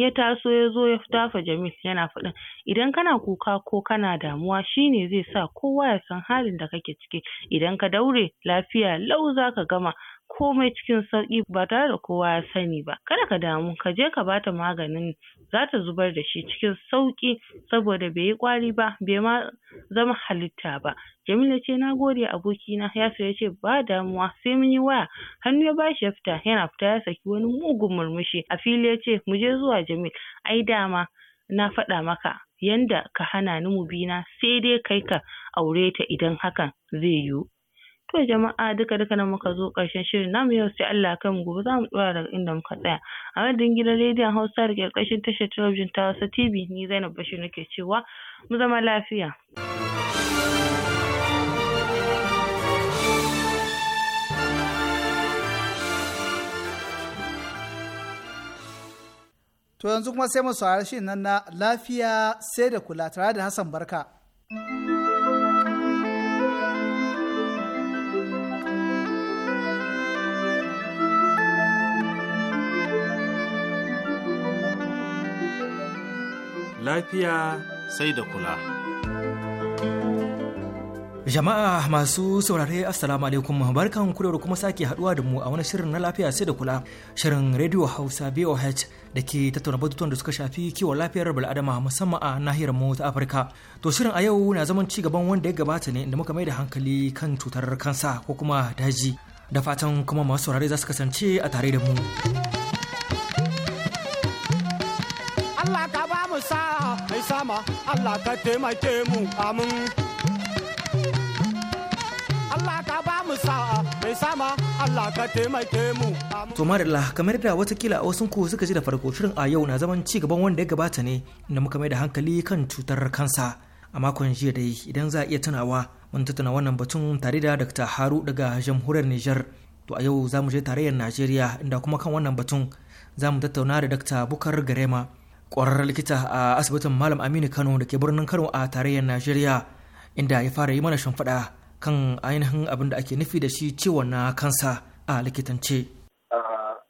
ya taso ya zo ya dafa Jamil yana faɗin idan kana kuka ko kana damuwa shi ne zai sa kowa ya san halin da kake ciki idan ka daure lafiya lau za ka gama komai cikin sauƙi ba tare da kowa ya sani ba kada ka damu ka je ka bata maganin za ta zubar da shi cikin sauƙi saboda bai yi ƙwari ba bai ma zama halitta ba Jamila ce na gode abokina Yasir ya ce ba damuwa sai mun yi waya hannu ya bashi ya fita yana fita ya saki wani mugun murmushi a fili ya ce mu je zuwa Jamil ai dama na faɗa maka yanda ka hana ni mu bi na sai dai kai ka aure ta idan hakan zai yiwu To jama'a duka duka nan muka zo ƙarshen shirin namu yau sai Allah kai mu gobe za mu ɗora daga inda muka tsaya. A madadin gidan rediyon Hausa da ƙarƙashin tashar talabijin ta Hausa TV ni Zainab Bashir nake cewa mu zama lafiya. To yanzu kuma sai mu saurari shirin nan na lafiya sai da kula tare da Hassan Barka. lafiya sai da kula. Jama'a masu saurare Assalamu alaikum barkan ku kuma sake haɗuwa da mu a wani shirin na lafiya sai da kula shirin Radio Hausa BOH da ke tattauna batutuwan da suka shafi kiwon lafiyar bal'adama musamman a nahiyar mu ta Afirka. To shirin a yau na zaman ci gaban wanda ya gabata ne da muka mai da hankali kan cutar kansa ko kuma daji. Da fatan kuma masu saurare za su kasance a tare da mu. mu sa mai sama Allah ka taimake mu amin Allah ka ba mu sa'a mai sama Allah ka taimake mu to marilla kamar da watakila wasu ku suka ji da farko shirin a yau na zaman ci gaban wanda ya gabata ne inda muka mai da hankali kan cutar kansa a makon jiya dai idan za a iya tunawa mun tattauna wannan batun tare da Dr. Haru daga jamhuriyar niger to a yau za mu je tarayyar Najeriya inda kuma kan wannan batun za mu tattauna da Dr. Bukar Garema ƙwararren likita a asibitin malam aminu kano da ke birnin kano a tarayyar najeriya inda ya fara yi mana shimfiɗa kan ainihin abin da ake nufi da shi ciwon na kansa a likitance.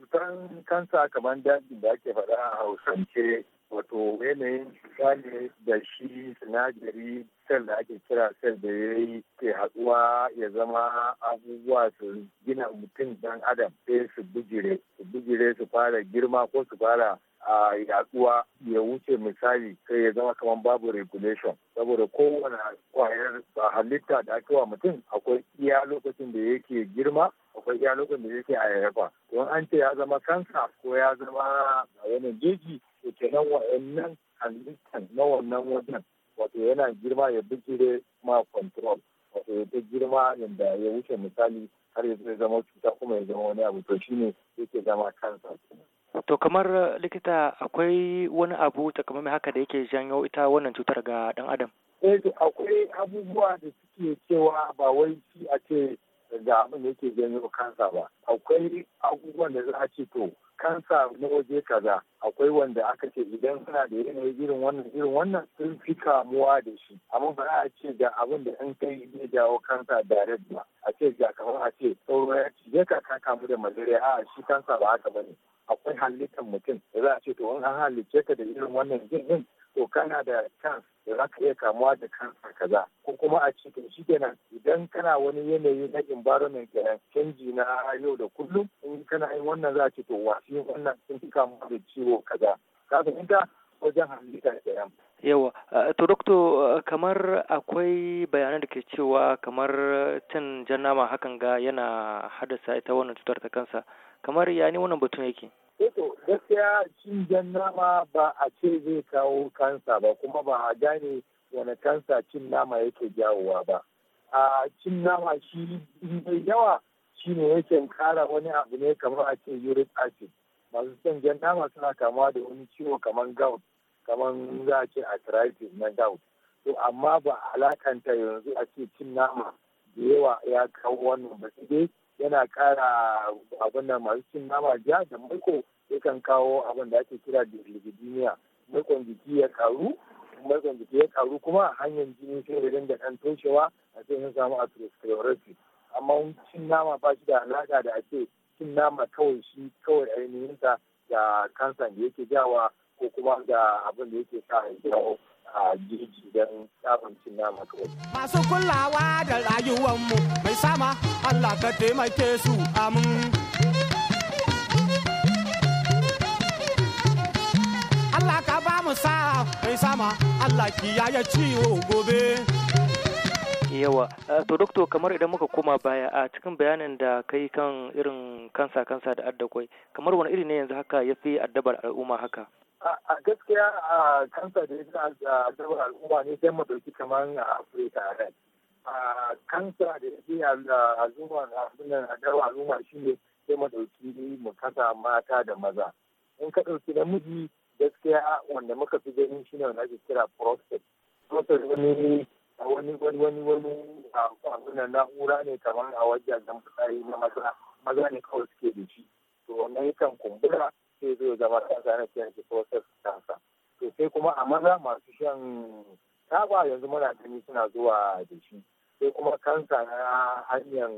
cutar kansa kamar daji da ake faɗa a hausance wato yanayin cuta ne da shi sinadari sel da ake kira sel da ya yi ke haɗuwa ya zama abubuwa su gina mutum dan adam sai su bugire su bijire su fara girma ko su fara a yaduwa ya wuce misali sai ya zama kamar babu regulation saboda kowane kwayar halitta da ake wa mutum akwai iya lokacin da yake girma akwai iya lokacin da yake ayyafa don an ce ya zama kansa ko ya zama wani jeji to kenan wa'annan halittan na wannan wajen wato yana girma ya bijire ma control wato ya ta girma yadda ya wuce misali har ya zama cuta kuma ya zama wani abu to shine yake zama kansa kenan To kamar eh, likita akwai wani abu takamaimai haka da yake janyo ita wannan cutar ga ɗan adam? Eh akwai abubuwa da suke cewa ba wai shi a ce da abin da yake janyo kansa ba. Akwai abubuwan da za a ce to kansa na waje kaza akwai wanda aka ce idan suna da yanayi irin wannan irin wannan sun fi kamuwa da shi amma ba a ce ga abin da in kai zai jawo kansa direct ba a ce ga kamar a ce sauro ya ce ka kamu da malaria a shi kansa ba haka bane akwai halittar mutum da za a ce to in an halicce ka da irin wannan jin din to kana da chance da za ka iya kamuwa da kansa kaza ko kuma a ce to shi kenan idan kana wani yanayi na environment kenan canji na yau da kullum in kana yin wannan za a ce to wasu wannan sun fi kamuwa da ciwo kaza ka fahimta wajen halitta kenan yawa eh, to doctor eh, kamar akwai bayanan da ke cewa kamar cin jan nama hakan ga yana haddasa ita wannan cutar ta kansa kamar ya ne wannan batun yake eh to gaskiya cin jan nama ba a ce zai kawo kansa ba kuma ba a gane wani kansa cin nama yake jawowa ba a cin nama shi mai yawa shi ne yake kara wani abu ne kamar a ce uric acid masu cin jan nama suna kamuwa da wani ciwo kamar gout kamar za a ce arthritis na gout to amma ba alakanta yanzu a ce cin nama da yawa ya kawo wannan ba sai yana kara abin da masu cin nama ja da maiko yakan kawo abin da ake kira da lipidemia maikon jiki ya karu maikon jiki ya karu kuma hanyar jini sai da dinga ɗan toshewa a sai sun samu atherosclerosis amma cin nama ba shi da alaƙa da ake cin nama kawai shi kawai ainihinsa da kansa da yake jawa ko kuma da abin da yake sa ya jawo a jeji don samun cin nama kawai. Masu kulawa da rayuwanmu mai sama Allah ka taimake su amin. Allah ka ba mu sa mai sama Allah kiyaye ciwo gobe. yawa to dokto kamar idan muka koma baya a cikin bayanin da ka yi kan irin kansa kansa da addakwai kamar wani iri ne yanzu haka ya fi addabar al'umma haka a gaskiya a kansa da ya a gabar al'umma ne sai mu ɗauki kamar a afirka A kansa da ya a abinan a gabar al'umma shi ne sai mu ɗauki mu kasa mata da maza in ka ɗauki namiji gaskiya wanda muka fi ganin shi ne wanda ake kira prostate prostate wani wani wani wani wani abin na'ura ne kamar a wajen fitsari na maza maza ne kawai suke da shi to wannan yakan kumbura sai zai zama kansa ana kiran shi ko kansa to sai kuma a maza masu shan taba yanzu muna gani suna zuwa da shi sai kuma kansa na hanyar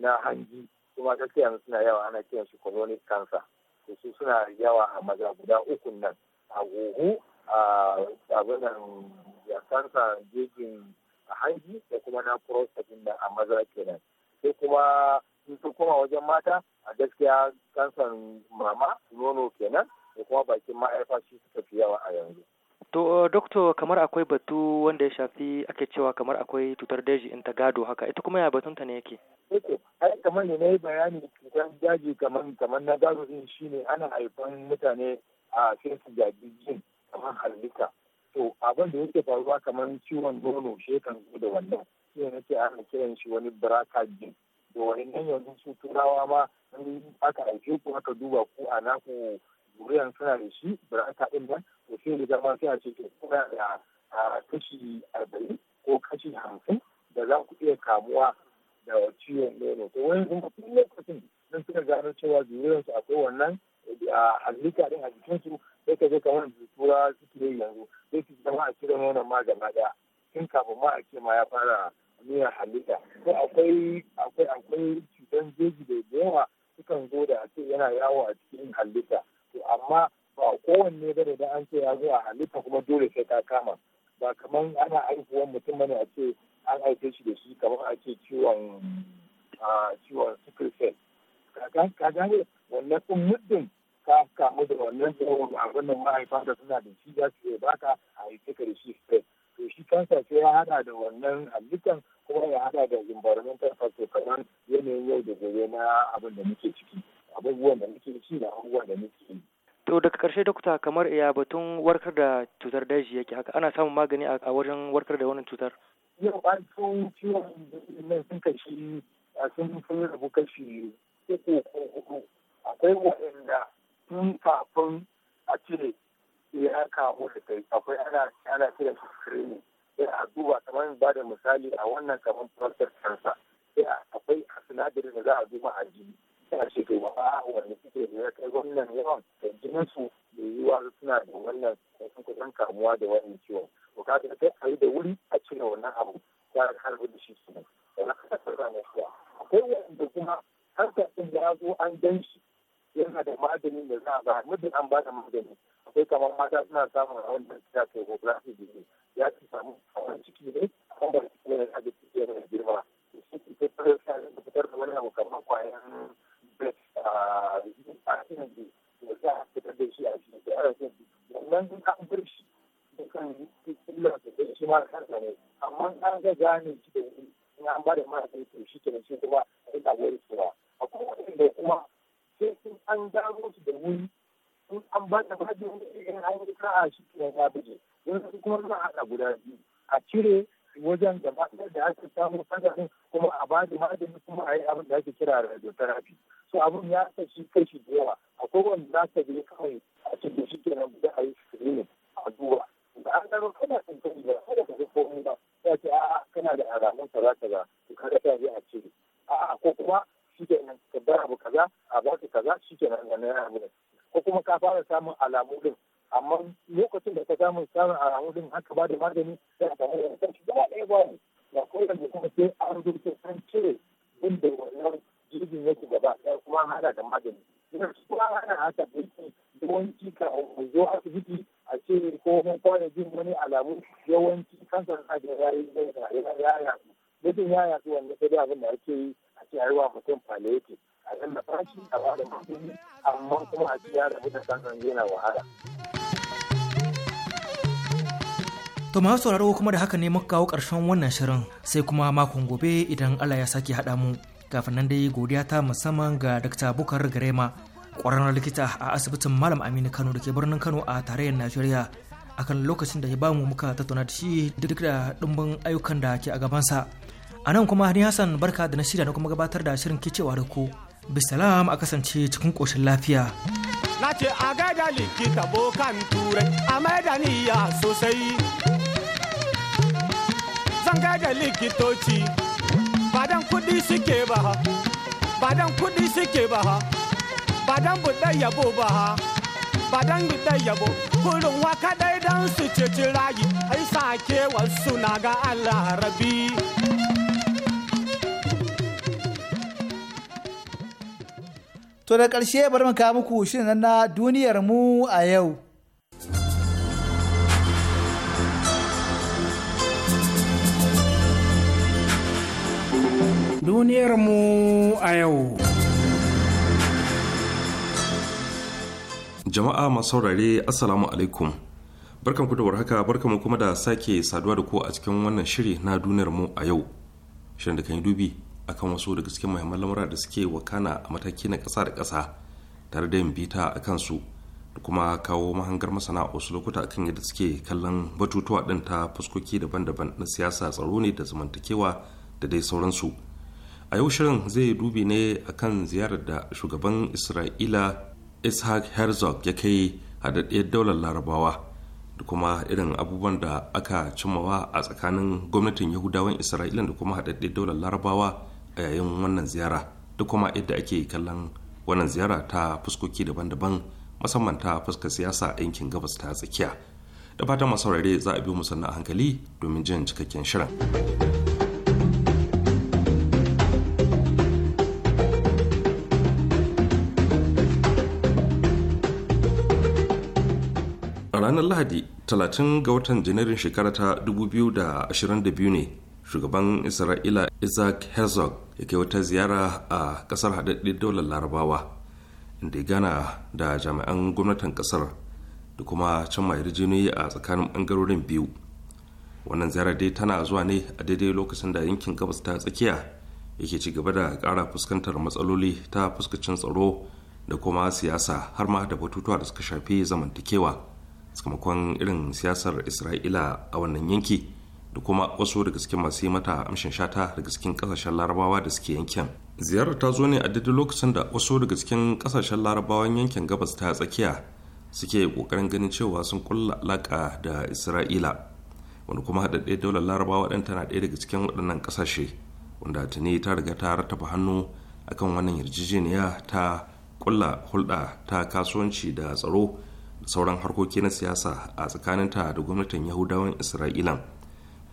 na hanji kuma gaskiya suna yawa ana kiran shi colonic cancer to su suna yawa a maza guda uku nan a huhu a abin nan ya kansa jejin a hanji da kuma na prostate da a maza kenan sai kuma sun koma wajen mata a gaskiya kansan mama nono kenan da kuma bakin ma'aifa shi suka fi yawa a yanzu. To, doktor kamar akwai batu wanda ya shafi ake cewa kamar akwai cutar daji in ta gado haka, ita kuma ya batunta ne yake? Eke, ai kamar ne na yi bayani cutar daji kamar kamar na gado din shi ne ana haifan mutane a cikin su jajijin kamar halitta. To, abin da yake faruwa kamar ciwon nono shi kan zo da wannan. Shi ne nake ana kiran shi wani braka to wa'annan yanzu su turawa ma in aka aike ku aka duba ko a naku zuriyan suna da shi birata ɗin nan to sai da zama sai a ce to kuna da kashi arba'in ko kashi hamsin da za ku iya kamuwa da ciwon nono to wani kuma tun lokacin nan suka gano cewa su akwai wannan a halitta din a su sai ka je kamar da tura suke yanzu sai su zama a cire nonon ma gaba ɗaya kin kafin ma a ma ya fara nuna halitta ko akwai akwai akwai cutar jeji da yawa sukan zo da ce yana yawo a cikin halitta to amma ba kowanne ba da an ce ya zo a halitta kuma dole sai ka kama ba kamar ana haihuwar mutum bane a ce an aike shi da shi kamar a ce ciwon ciwon sickle cell ka gane wannan kun muddin ka kamu da wannan abin nan mahaifa da suna da shi za su baka a yi cika da shi to shi kansa sai ya hada da wannan halittar kuma ya hada da environmental factor kamar yanayin yau da gobe na abin da muke ciki abubuwan da muke ci da abubuwan da muke yi. To daga karshe dokta kamar ya batun warkar da cutar daji yake haka ana samun magani a wajen warkar da wannan cutar? Yau ba su ciwon nan sun kashi sun sun rabu kashi uku ko hudu akwai waɗanda tun kafin a cire ya kawo da kai akwai ana ana kira shi screening sai a duba kamar ba da misali a wannan kamar prostate cancer sai akwai sinadarin da za a duba a jini sai a ce to ba wanda suke da ya kai wannan yawan da jinin su da yiwa suna da wannan sun kusan kamuwa da wannan ciwon to ka ga sai a yi da wuri a cire wannan abu ya harbi da shi ne da na kasar da akwai wanda kuma harkar ɗin ya zo an gan shi yana da maganin da za a ba muddin an ba da magani akwai kamar mata suna samun abin da suka ce ko plastic disease ya ci samu kawai ciki ne kan ba su ne a jikin ke mai girma su ke ta fara sa da fitar da wani abu kamar kwayan bet ah, a cikin ji da za a fitar da shi a cikin da ana cin wannan duk an bar shi da kan yi illa da shi ma kansa ne amma an ga gane shi da wuri in an ba da mara sai to shi ke da shi kuma sai da wuri cewa akwai wanda kuma sai sun an gano su da wuri in an ba da bajin in an yi sa'a shi ke ya buje in kuma za a guda biyu a cire wajen da da ake samu sadarin kuma a ba da magani kuma a yi abin da ake kira radiotherapy so abin ya kashi kashi da yawa a wanda za ka je kawai a cikin shi ke nan guda a yi screening a duba da an gano kana son kai da kada ka ga komai ba ya ce a'a kana da alamun kaza kaza to kada ka je a cire a'a ko kuma shi ke nan ka bar abu kaza a baka kaza shi ke nan na abu ko kuma ka fara samun alamu din amma lokacin da ka samu samun alamu din haka ba da magani sai ka samu da shi gaba ɗaya ba da ko da kuma sai an rubuta an cire da wannan jirgin yake gaba ɗaya kuma an hada da magani ina su kuma ana haka da yawanci ka zo asibiti a ce ko mun kwana jin wani alamu yawanci kansan na da yayi ya yaya mutum ya yaku wanda sai dai abin da ake yi a ce a yi wa mutum palliative a tallafa shi a ba da amma kuma a da yana wahala. To masu sauraro kuma da haka ne muka kawo ƙarshen wannan shirin sai kuma makon gobe idan Allah ya sake haɗa mu kafin nan dai godiya ta musamman ga Dr. Bukar Garema ƙwararren likita a asibitin Malam Aminu Kano da ke birnin Kano a tarayyar Najeriya akan lokacin da ya bamu muka tattauna da shi duk da ɗumbin ayyukan da ke a gabansa. A nan kuma Hani Hassan barka da na shirya na kuma gabatar da shirin kicewa da ku bisalam a kasance cikin koshin lafiya na ce a gaida likita bokan turai a maidaniya sosai zan gaida likitoci badan kudi suke ba ha badan kudi suke ba ha badan buɗe yabo ba ha badan buɗe yabo kurin waka dai don su ceci rayu ai sake wasu na ga allah rabi To da ƙarshe bari mu kawo muku shirin na duniyar mu a yau. Duniyar mu a yau. Jama'a masu saurare Assalamu alaikum. Barkanku da warhaka mu kuma da sake saduwa da ku a cikin wannan shiri na duniyar mu a yau. Shirin da kan yi dubi akan wasu daga cikin muhimman lamura da suke wakana a mataki na ƙasa da ƙasa tare da yin bita a kansu da kuma kawo mahangar masana a wasu lokuta kan yadda suke kallon batutuwa ɗin ta fuskoki daban-daban na siyasa tsaro ne da zamantakewa da dai sauransu a yau shirin zai dubi ne akan ziyarar da shugaban isra'ila ishaq herzog ya kai haɗaɗɗiyar daular larabawa da kuma irin abubuwan da aka cimmawa a tsakanin gwamnatin yahudawan isra'ila da kuma haɗaɗɗiyar daular larabawa a yayin wannan ziyara da kuma yadda ake kallon wannan ziyara ta fuskoki daban-daban musamman ta fuskar siyasa a yankin gabas ta tsakiya da fatan masaurare za a bi mu sannan hankali domin jin cikakken shirin ranar lahadi 30 ga watan janairun shekara ta 2022 ne shugaban isra'ila isaac herzog ya kai wata ziyara a kasar haɗaɗɗen daular larabawa inda ya gana da jami'an gwamnatin kasar da kuma can yarjejeniyoyi a tsakanin ɓangarorin biyu wannan ziyara dai tana zuwa ne a daidai lokacin da yankin gabas ta tsakiya yake ci gaba da ƙara fuskantar matsaloli ta fuskacin tsaro da kuma siyasa har ma da batutuwa da suka shafi zamantakewa sakamakon irin siyasar isra'ila a wannan yanki da kuma wasu daga cikin masu yi mata amshin shata daga cikin kasashen larabawa da suke yankin ziyarar ta zo ne a daidai lokacin da wasu daga cikin kasashen larabawan yankin gabas ta tsakiya suke kokarin ganin cewa sun kulla alaka da isra'ila wanda kuma haɗaɗɗe daular larabawa ɗin tana ɗaya daga cikin waɗannan ƙasashe wanda tuni ta riga ta rattaba hannu akan wannan yarjejeniya ta kulla hulɗa ta kasuwanci da tsaro da sauran harkoki na siyasa a tsakaninta da gwamnatin yahudawan isra'ilan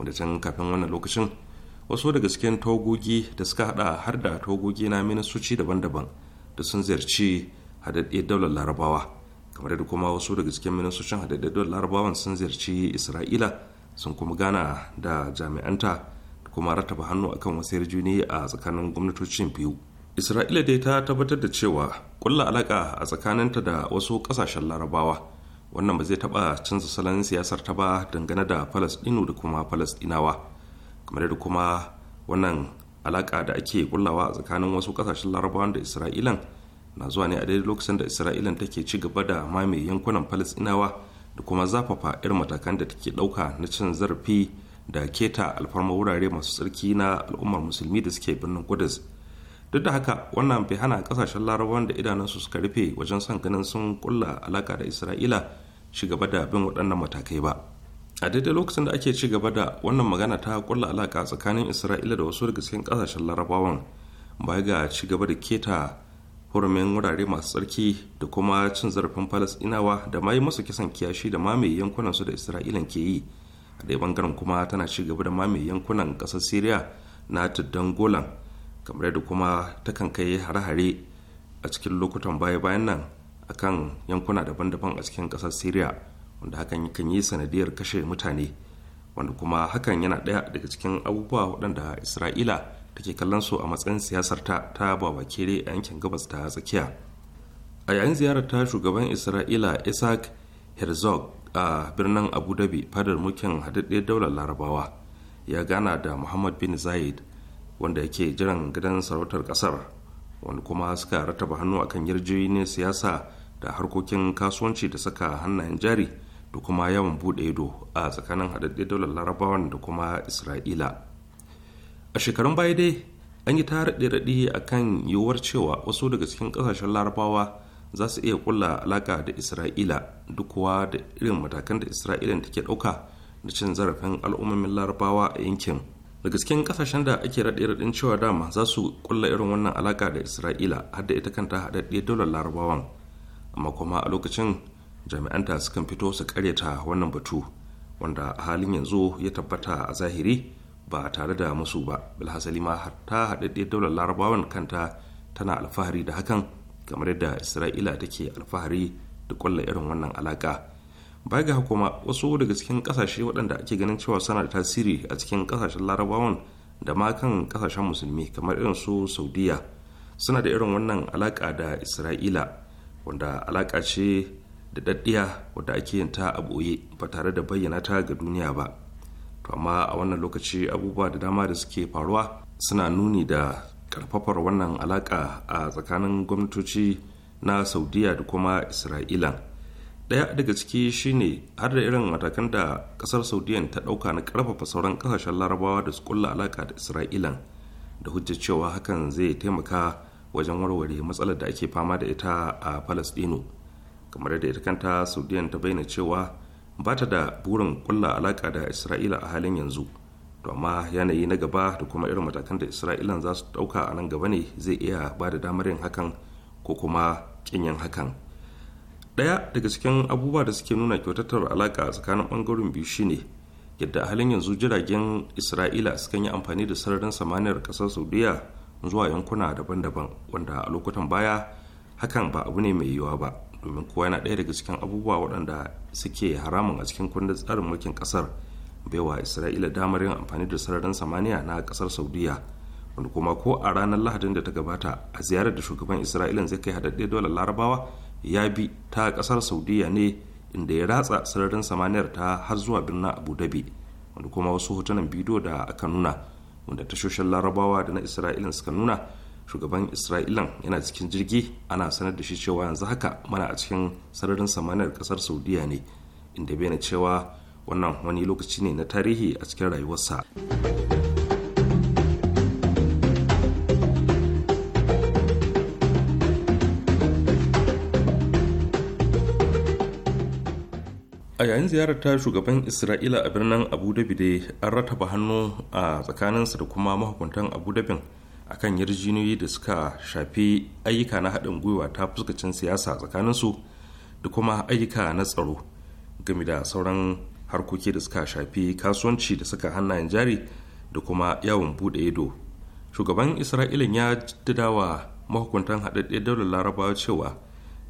wanda can kafin wannan lokacin wasu daga cikin togogi da suka hada har da togogi na ministoci daban-daban da sun ziyarci hadaddiyar daular larabawa kamar da kuma wasu daga cikin ministocin haɗaɗɗiyar daular larabawan sun ziyarci isra'ila sun kuma gana da jami'anta da kuma rattaba hannu akan wasu yarjuni a tsakanin gwamnatocin biyu isra'ila dai ta tabbatar da cewa kulla alaka a tsakaninta da wasu kasashen larabawa wannan ba zai taɓa canza salon siyasar ta ba dangane da falasɗinu da kuma falasɗinawa kamar da kuma wannan alaka da ake kullawa a tsakanin wasu kasashen larabawan da isra'ilan na zuwa ne a daidai lokacin da isra'ilan take ci gaba da mamaye yankunan falasɗinawa da kuma zafafa irin matakan da take ɗauka na cin zarafi da keta alfarma wurare masu tsarki na al'ummar musulmi da suke birnin kudus duk da haka wannan bai hana kasashen larabawan da idanunsu suka rufe wajen son ganin sun kulla alaka da isra'ila ci gaba da bin waɗannan matakai ba a daidai lokacin da ake ci gaba da wannan magana ta kulla alaka tsakanin isra'ila da wasu daga cikin ƙasashen larabawan baya ga ci gaba da keta hurumin wurare masu tsarki da kuma cin zarafin falasɗinawa da ma yi musu kisan kiyashi da mamaye yankunan su da isra'ila ke yi a daya bangaren kuma tana ci gaba da mamaye yankunan ƙasar siriya na tuddan golan kamar da kuma takan kai hare-hare a cikin lokutan baya-bayan nan akan yankuna daban-daban a cikin ƙasar syria wanda hakan kan yi sanadiyar kashe mutane wanda kuma hakan yana ɗaya daga cikin abubuwa waɗanda isra'ila take kallon su a matsayin siyasar ta ta babakere a yankin gabas ta tsakiya a yayin ziyarar shugaban isra'ila isaac herzog a birnin abu dhabi fadar mulkin haɗaɗɗiyar daular larabawa ya gana da muhammad bin zayed wanda yake jiran gidan sarautar ƙasar wanda kuma suka rataba hannu akan yarjejeniyar siyasa da harkokin kasuwanci da saka hannayen jari da kuma yawan buɗe ido a tsakanin haɗaɗɗen daular larabawan da kuma isra'ila a shekarun baya dai an yi tara raɗe a kan yiwuwar cewa wasu daga cikin ƙasashen larabawa za su iya ƙulla alaƙa da isra'ila duk kuwa da irin matakan da isra'ila take ɗauka da cin zarafin al'ummomin larabawa a yankin daga cikin kasashen da ake raɗe raɗin cewa dama za su kulla irin wannan alaka da isra'ila har da ita kanta haɗaɗɗe daular larabawan amma kuma a lokacin jami'anta sukan fito su karyata wannan batu wanda a halin yanzu ya tabbata a zahiri ba tare da musu ba bilhassali ma ta haɗaɗɗe daular larabawan kanta tana alfahari da hakan kamar yadda isra'ila take alfahari da kulla irin wannan alaƙa. baya ga kuma wasu daga cikin kasashe waɗanda ake ganin cewa suna da tasiri a cikin kasashen larabawan da ma kan kasashen musulmi kamar irin su saudiya suna da irin wannan alaƙa da isra'ila wanda alaƙa ce da daddiya wadda ake yin ta a ɓoye ba tare da bayyana ta ga duniya ba to amma a wannan lokaci abubuwa da dama da suke faruwa suna nuni da karfafar wannan alaƙa a tsakanin gwamnatoci na saudiya da kuma isra'ila daya daga ciki shine har da irin matakan da kasar saudiyan ta dauka na karfafa sauran kasashen larabawa da su kulla alaka da isra'ilan da hujjar cewa hakan zai taimaka wajen warware matsalar da ake fama da ita a palestino kamar da ita kanta saudiyan ta bayyana cewa ba ta da burin kulla alaka da isra'ila a halin yanzu to amma yanayi na gaba da kuma irin matakan da isra'ilan za su dauka a nan gaba ne zai iya ba da damar yin hakan ko kuma kin hakan daya daga cikin abubuwa da suke nuna kyautatar alaƙa tsakanin ɓangaren biyu shine yadda a halin yanzu jiragen isra'ila sukan yi amfani da sararin samaniyar kasar saudiya zuwa yankuna daban-daban wanda a lokutan baya hakan ba abu ne mai yiwuwa ba domin kowa yana daya daga cikin abubuwa waɗanda suke haramun a cikin kundin tsarin mulkin ƙasar baiwa isra'ila damar yin amfani da sararin samaniya na kasar saudiya wanda kuma ko a ranar lahadin da ta gabata a ziyarar da shugaban isra'ila zai kai haɗaɗɗe dole larabawa ya bi ta kasar saudiya ne inda ya ratsa sararin samaniyar ta har zuwa birnin abu dhabi wanda kuma wasu hotunan bidiyo da aka nuna wanda tashoshin larabawa da na isra'ilan suka nuna shugaban isra'ilan yana cikin jirgi ana sanar da shi cewa yanzu haka mana a cikin sararin samaniyar kasar saudiya ne inda na cewa wannan wani lokaci ne na tarihi a cikin rayuwarsa. a yayin ziyarar ta shugaban isra'ila a birnin abu dhabi dai an rataba hannu a tsakaninsa da kuma mahukuntan abu a kan yarjiniyoyi da suka shafi ayyuka na haɗin gwiwa ta fuskacin siyasa tsakaninsu da kuma ayyuka na tsaro game da sauran harkoki da suka shafi kasuwanci da suka hannayen jari da kuma yawon buɗe ido shugaban isra'ila ya jaddada wa mahukuntan haɗaɗɗen daular larabawa cewa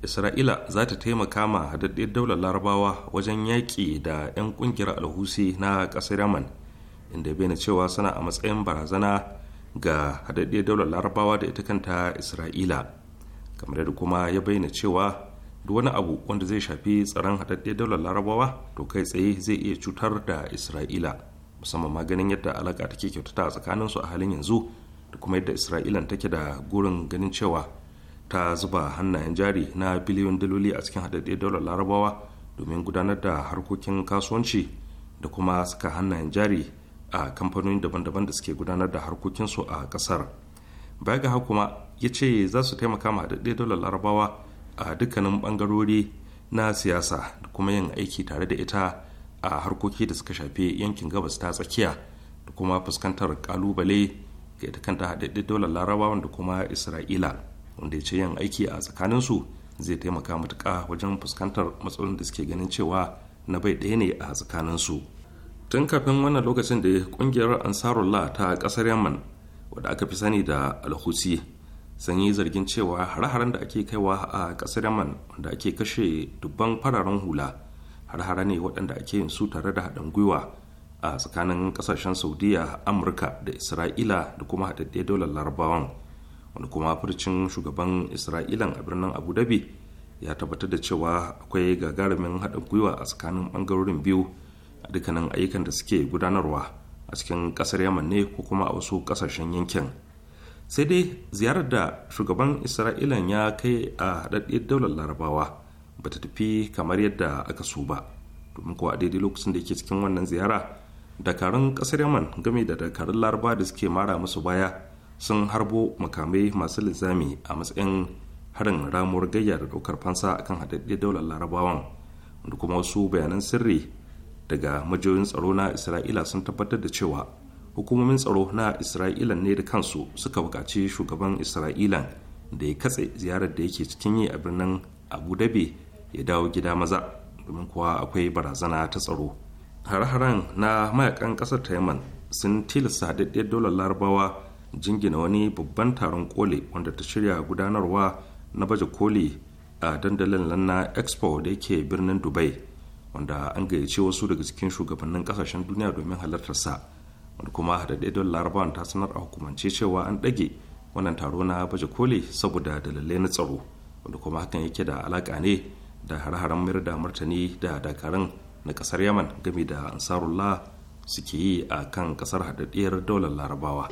isra'ila za ta taimaka ma haɗaɗɗiyar daular larabawa wajen yaƙi da 'yan ƙungiyar alhusi na ƙasar yaman inda baina cewa suna a matsayin barazana ga haɗaɗɗiyar daular larabawa da ita kanta isra'ila kamar da kuma ya bayyana cewa duk wani abu wanda zai shafi tsaron haɗaɗɗiyar daular larabawa to kai tsaye zai iya cutar da isra'ila musamman ma ganin yadda alaƙa take kyautata a tsakaninsu a halin yanzu da kuma yadda isra'ilan take da gurin ganin cewa ta zuba hannayen jari na biliyon daloli a cikin haɗaɗɗiyar daular larabawa domin gudanar da harkokin kasuwanci da kuma suka hannayen jari a kamfanoni daban-daban da suke gudanar da harkokinsu a ƙasar baya ga kuma ya ce za su taimaka ma haɗaɗɗiyar daular larabawa a dukkanin ɓangarori na siyasa da kuma yin aiki tare da ita a harkoki da suka shafi yankin gabas ta tsakiya da kuma fuskantar kalubale ga ita kanta haɗaɗɗiyar daular larabawan da kuma isra'ila wanda ya ce yin aiki a tsakaninsu zai taimaka matuka wajen fuskantar matsalolin da suke ganin cewa na bai ɗaya ne a tsakaninsu tun kafin wannan lokacin da ƙungiyar ansarullah ta ƙasar yaman wadda aka fi sani da alhusi sun yi zargin cewa har haren da ake kaiwa a ƙasar yaman wanda ake kashe dubban fararen hula har hare ne waɗanda ake yin su tare da haɗin gwiwa a tsakanin ƙasashen saudiya amurka da isra'ila da kuma haɗaɗɗe dolar larabawan wani kuma furcin shugaban isra'ilan a birnin abu dhabi ya tabbatar da cewa akwai gagarumin haɗin gwiwa a tsakanin ɓangarorin biyu a dukkanin ayyukan da suke gudanarwa a cikin ƙasar yaman ne ko kuma a wasu ƙasashen yankin sai dai ziyarar da shugaban isra'ilan ya kai a haɗaɗɗe daular larabawa ba ta tafi kamar yadda aka so ba domin kuwa a daidai lokacin da yake cikin wannan ziyara dakarun ƙasar yaman game da dakarun larabawa da suke mara musu baya sun harbo makamai masu linzami a matsayin harin ramuwar gayya da ɗaukar fansa akan haɗaɗɗe daular larabawan da kuma wasu bayanan sirri daga majiyoyin tsaro na isra'ila sun tabbatar da cewa hukumomin tsaro na isra'ila ne da kansu suka buƙaci shugaban isra'ila da ya katse ziyarar da yake cikin yi a birnin abu dhabi ya dawo gida maza domin kuwa akwai barazana ta tsaro Har haren na mayakan ƙasar ta sun tilasta haɗaɗɗiyar daular larabawa jingina wani babban taron koli wanda ta shirya gudanarwa na baje koli a dandalin lanna expo da yake birnin dubai wanda an gayyace wasu daga cikin shugabannin kasashen duniya domin halartarsa wanda kuma da don larabawan ta sanar a hukumance cewa an ɗage wannan taro na baje koli saboda dalilai na tsaro wanda kuma hakan yake da alaka ne da hare-haren mayar da martani da dakarun na ƙasar yaman game da ansarullah suke yi a kan kasar haɗaɗɗiyar daular larabawa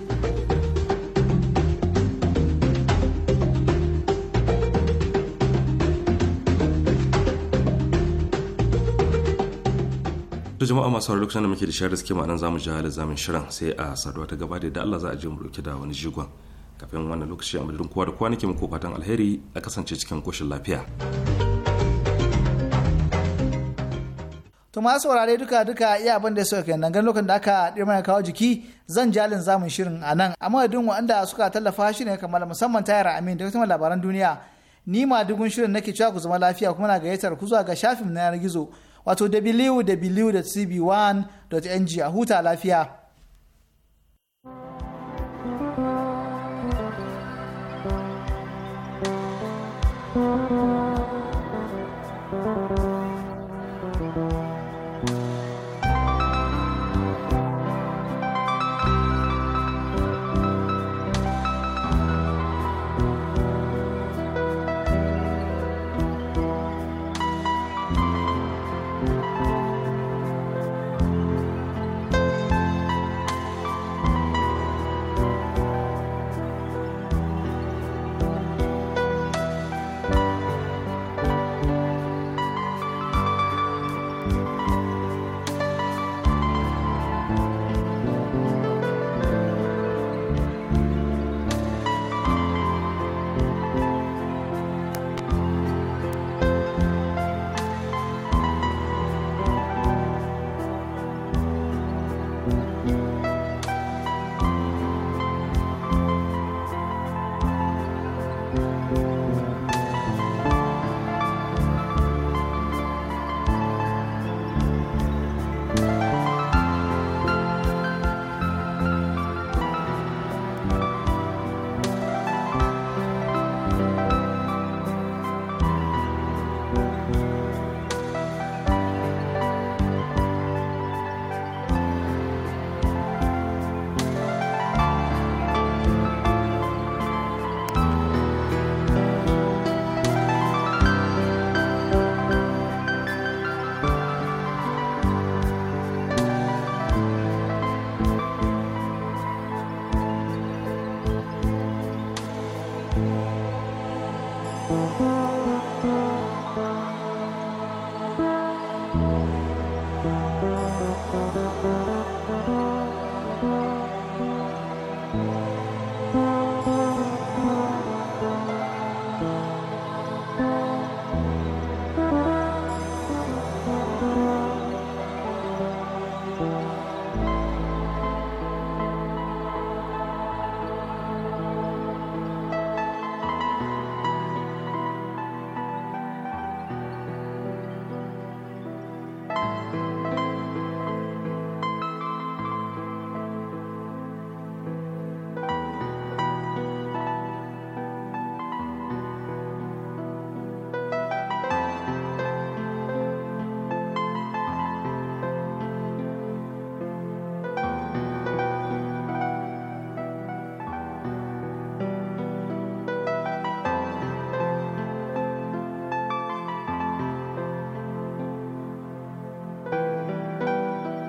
da jama'a masu wani lokacin da muke da shari'a suke ma'anan zamu ji halin zamin shirin sai a saduwa ta gaba da yadda Allah za a je mu dauke da wani jigon kafin wannan lokaci a madadin kowa da kowa nake muku fatan alheri a kasance cikin koshin lafiya. to ma saurare duka duka iya abin da suka kenan gan lokacin da aka dima ya kawo jiki zan jalin zamun shirin a nan amma duk wanda suka tallafa shi ne kamar musamman tayar amin da kuma labaran duniya ni ma dugun shirin nake cewa ku zama lafiya kuma na gayyatar ku zuwa ga shafin na yanar gizo wato www.cb1.ng a huta lafiya.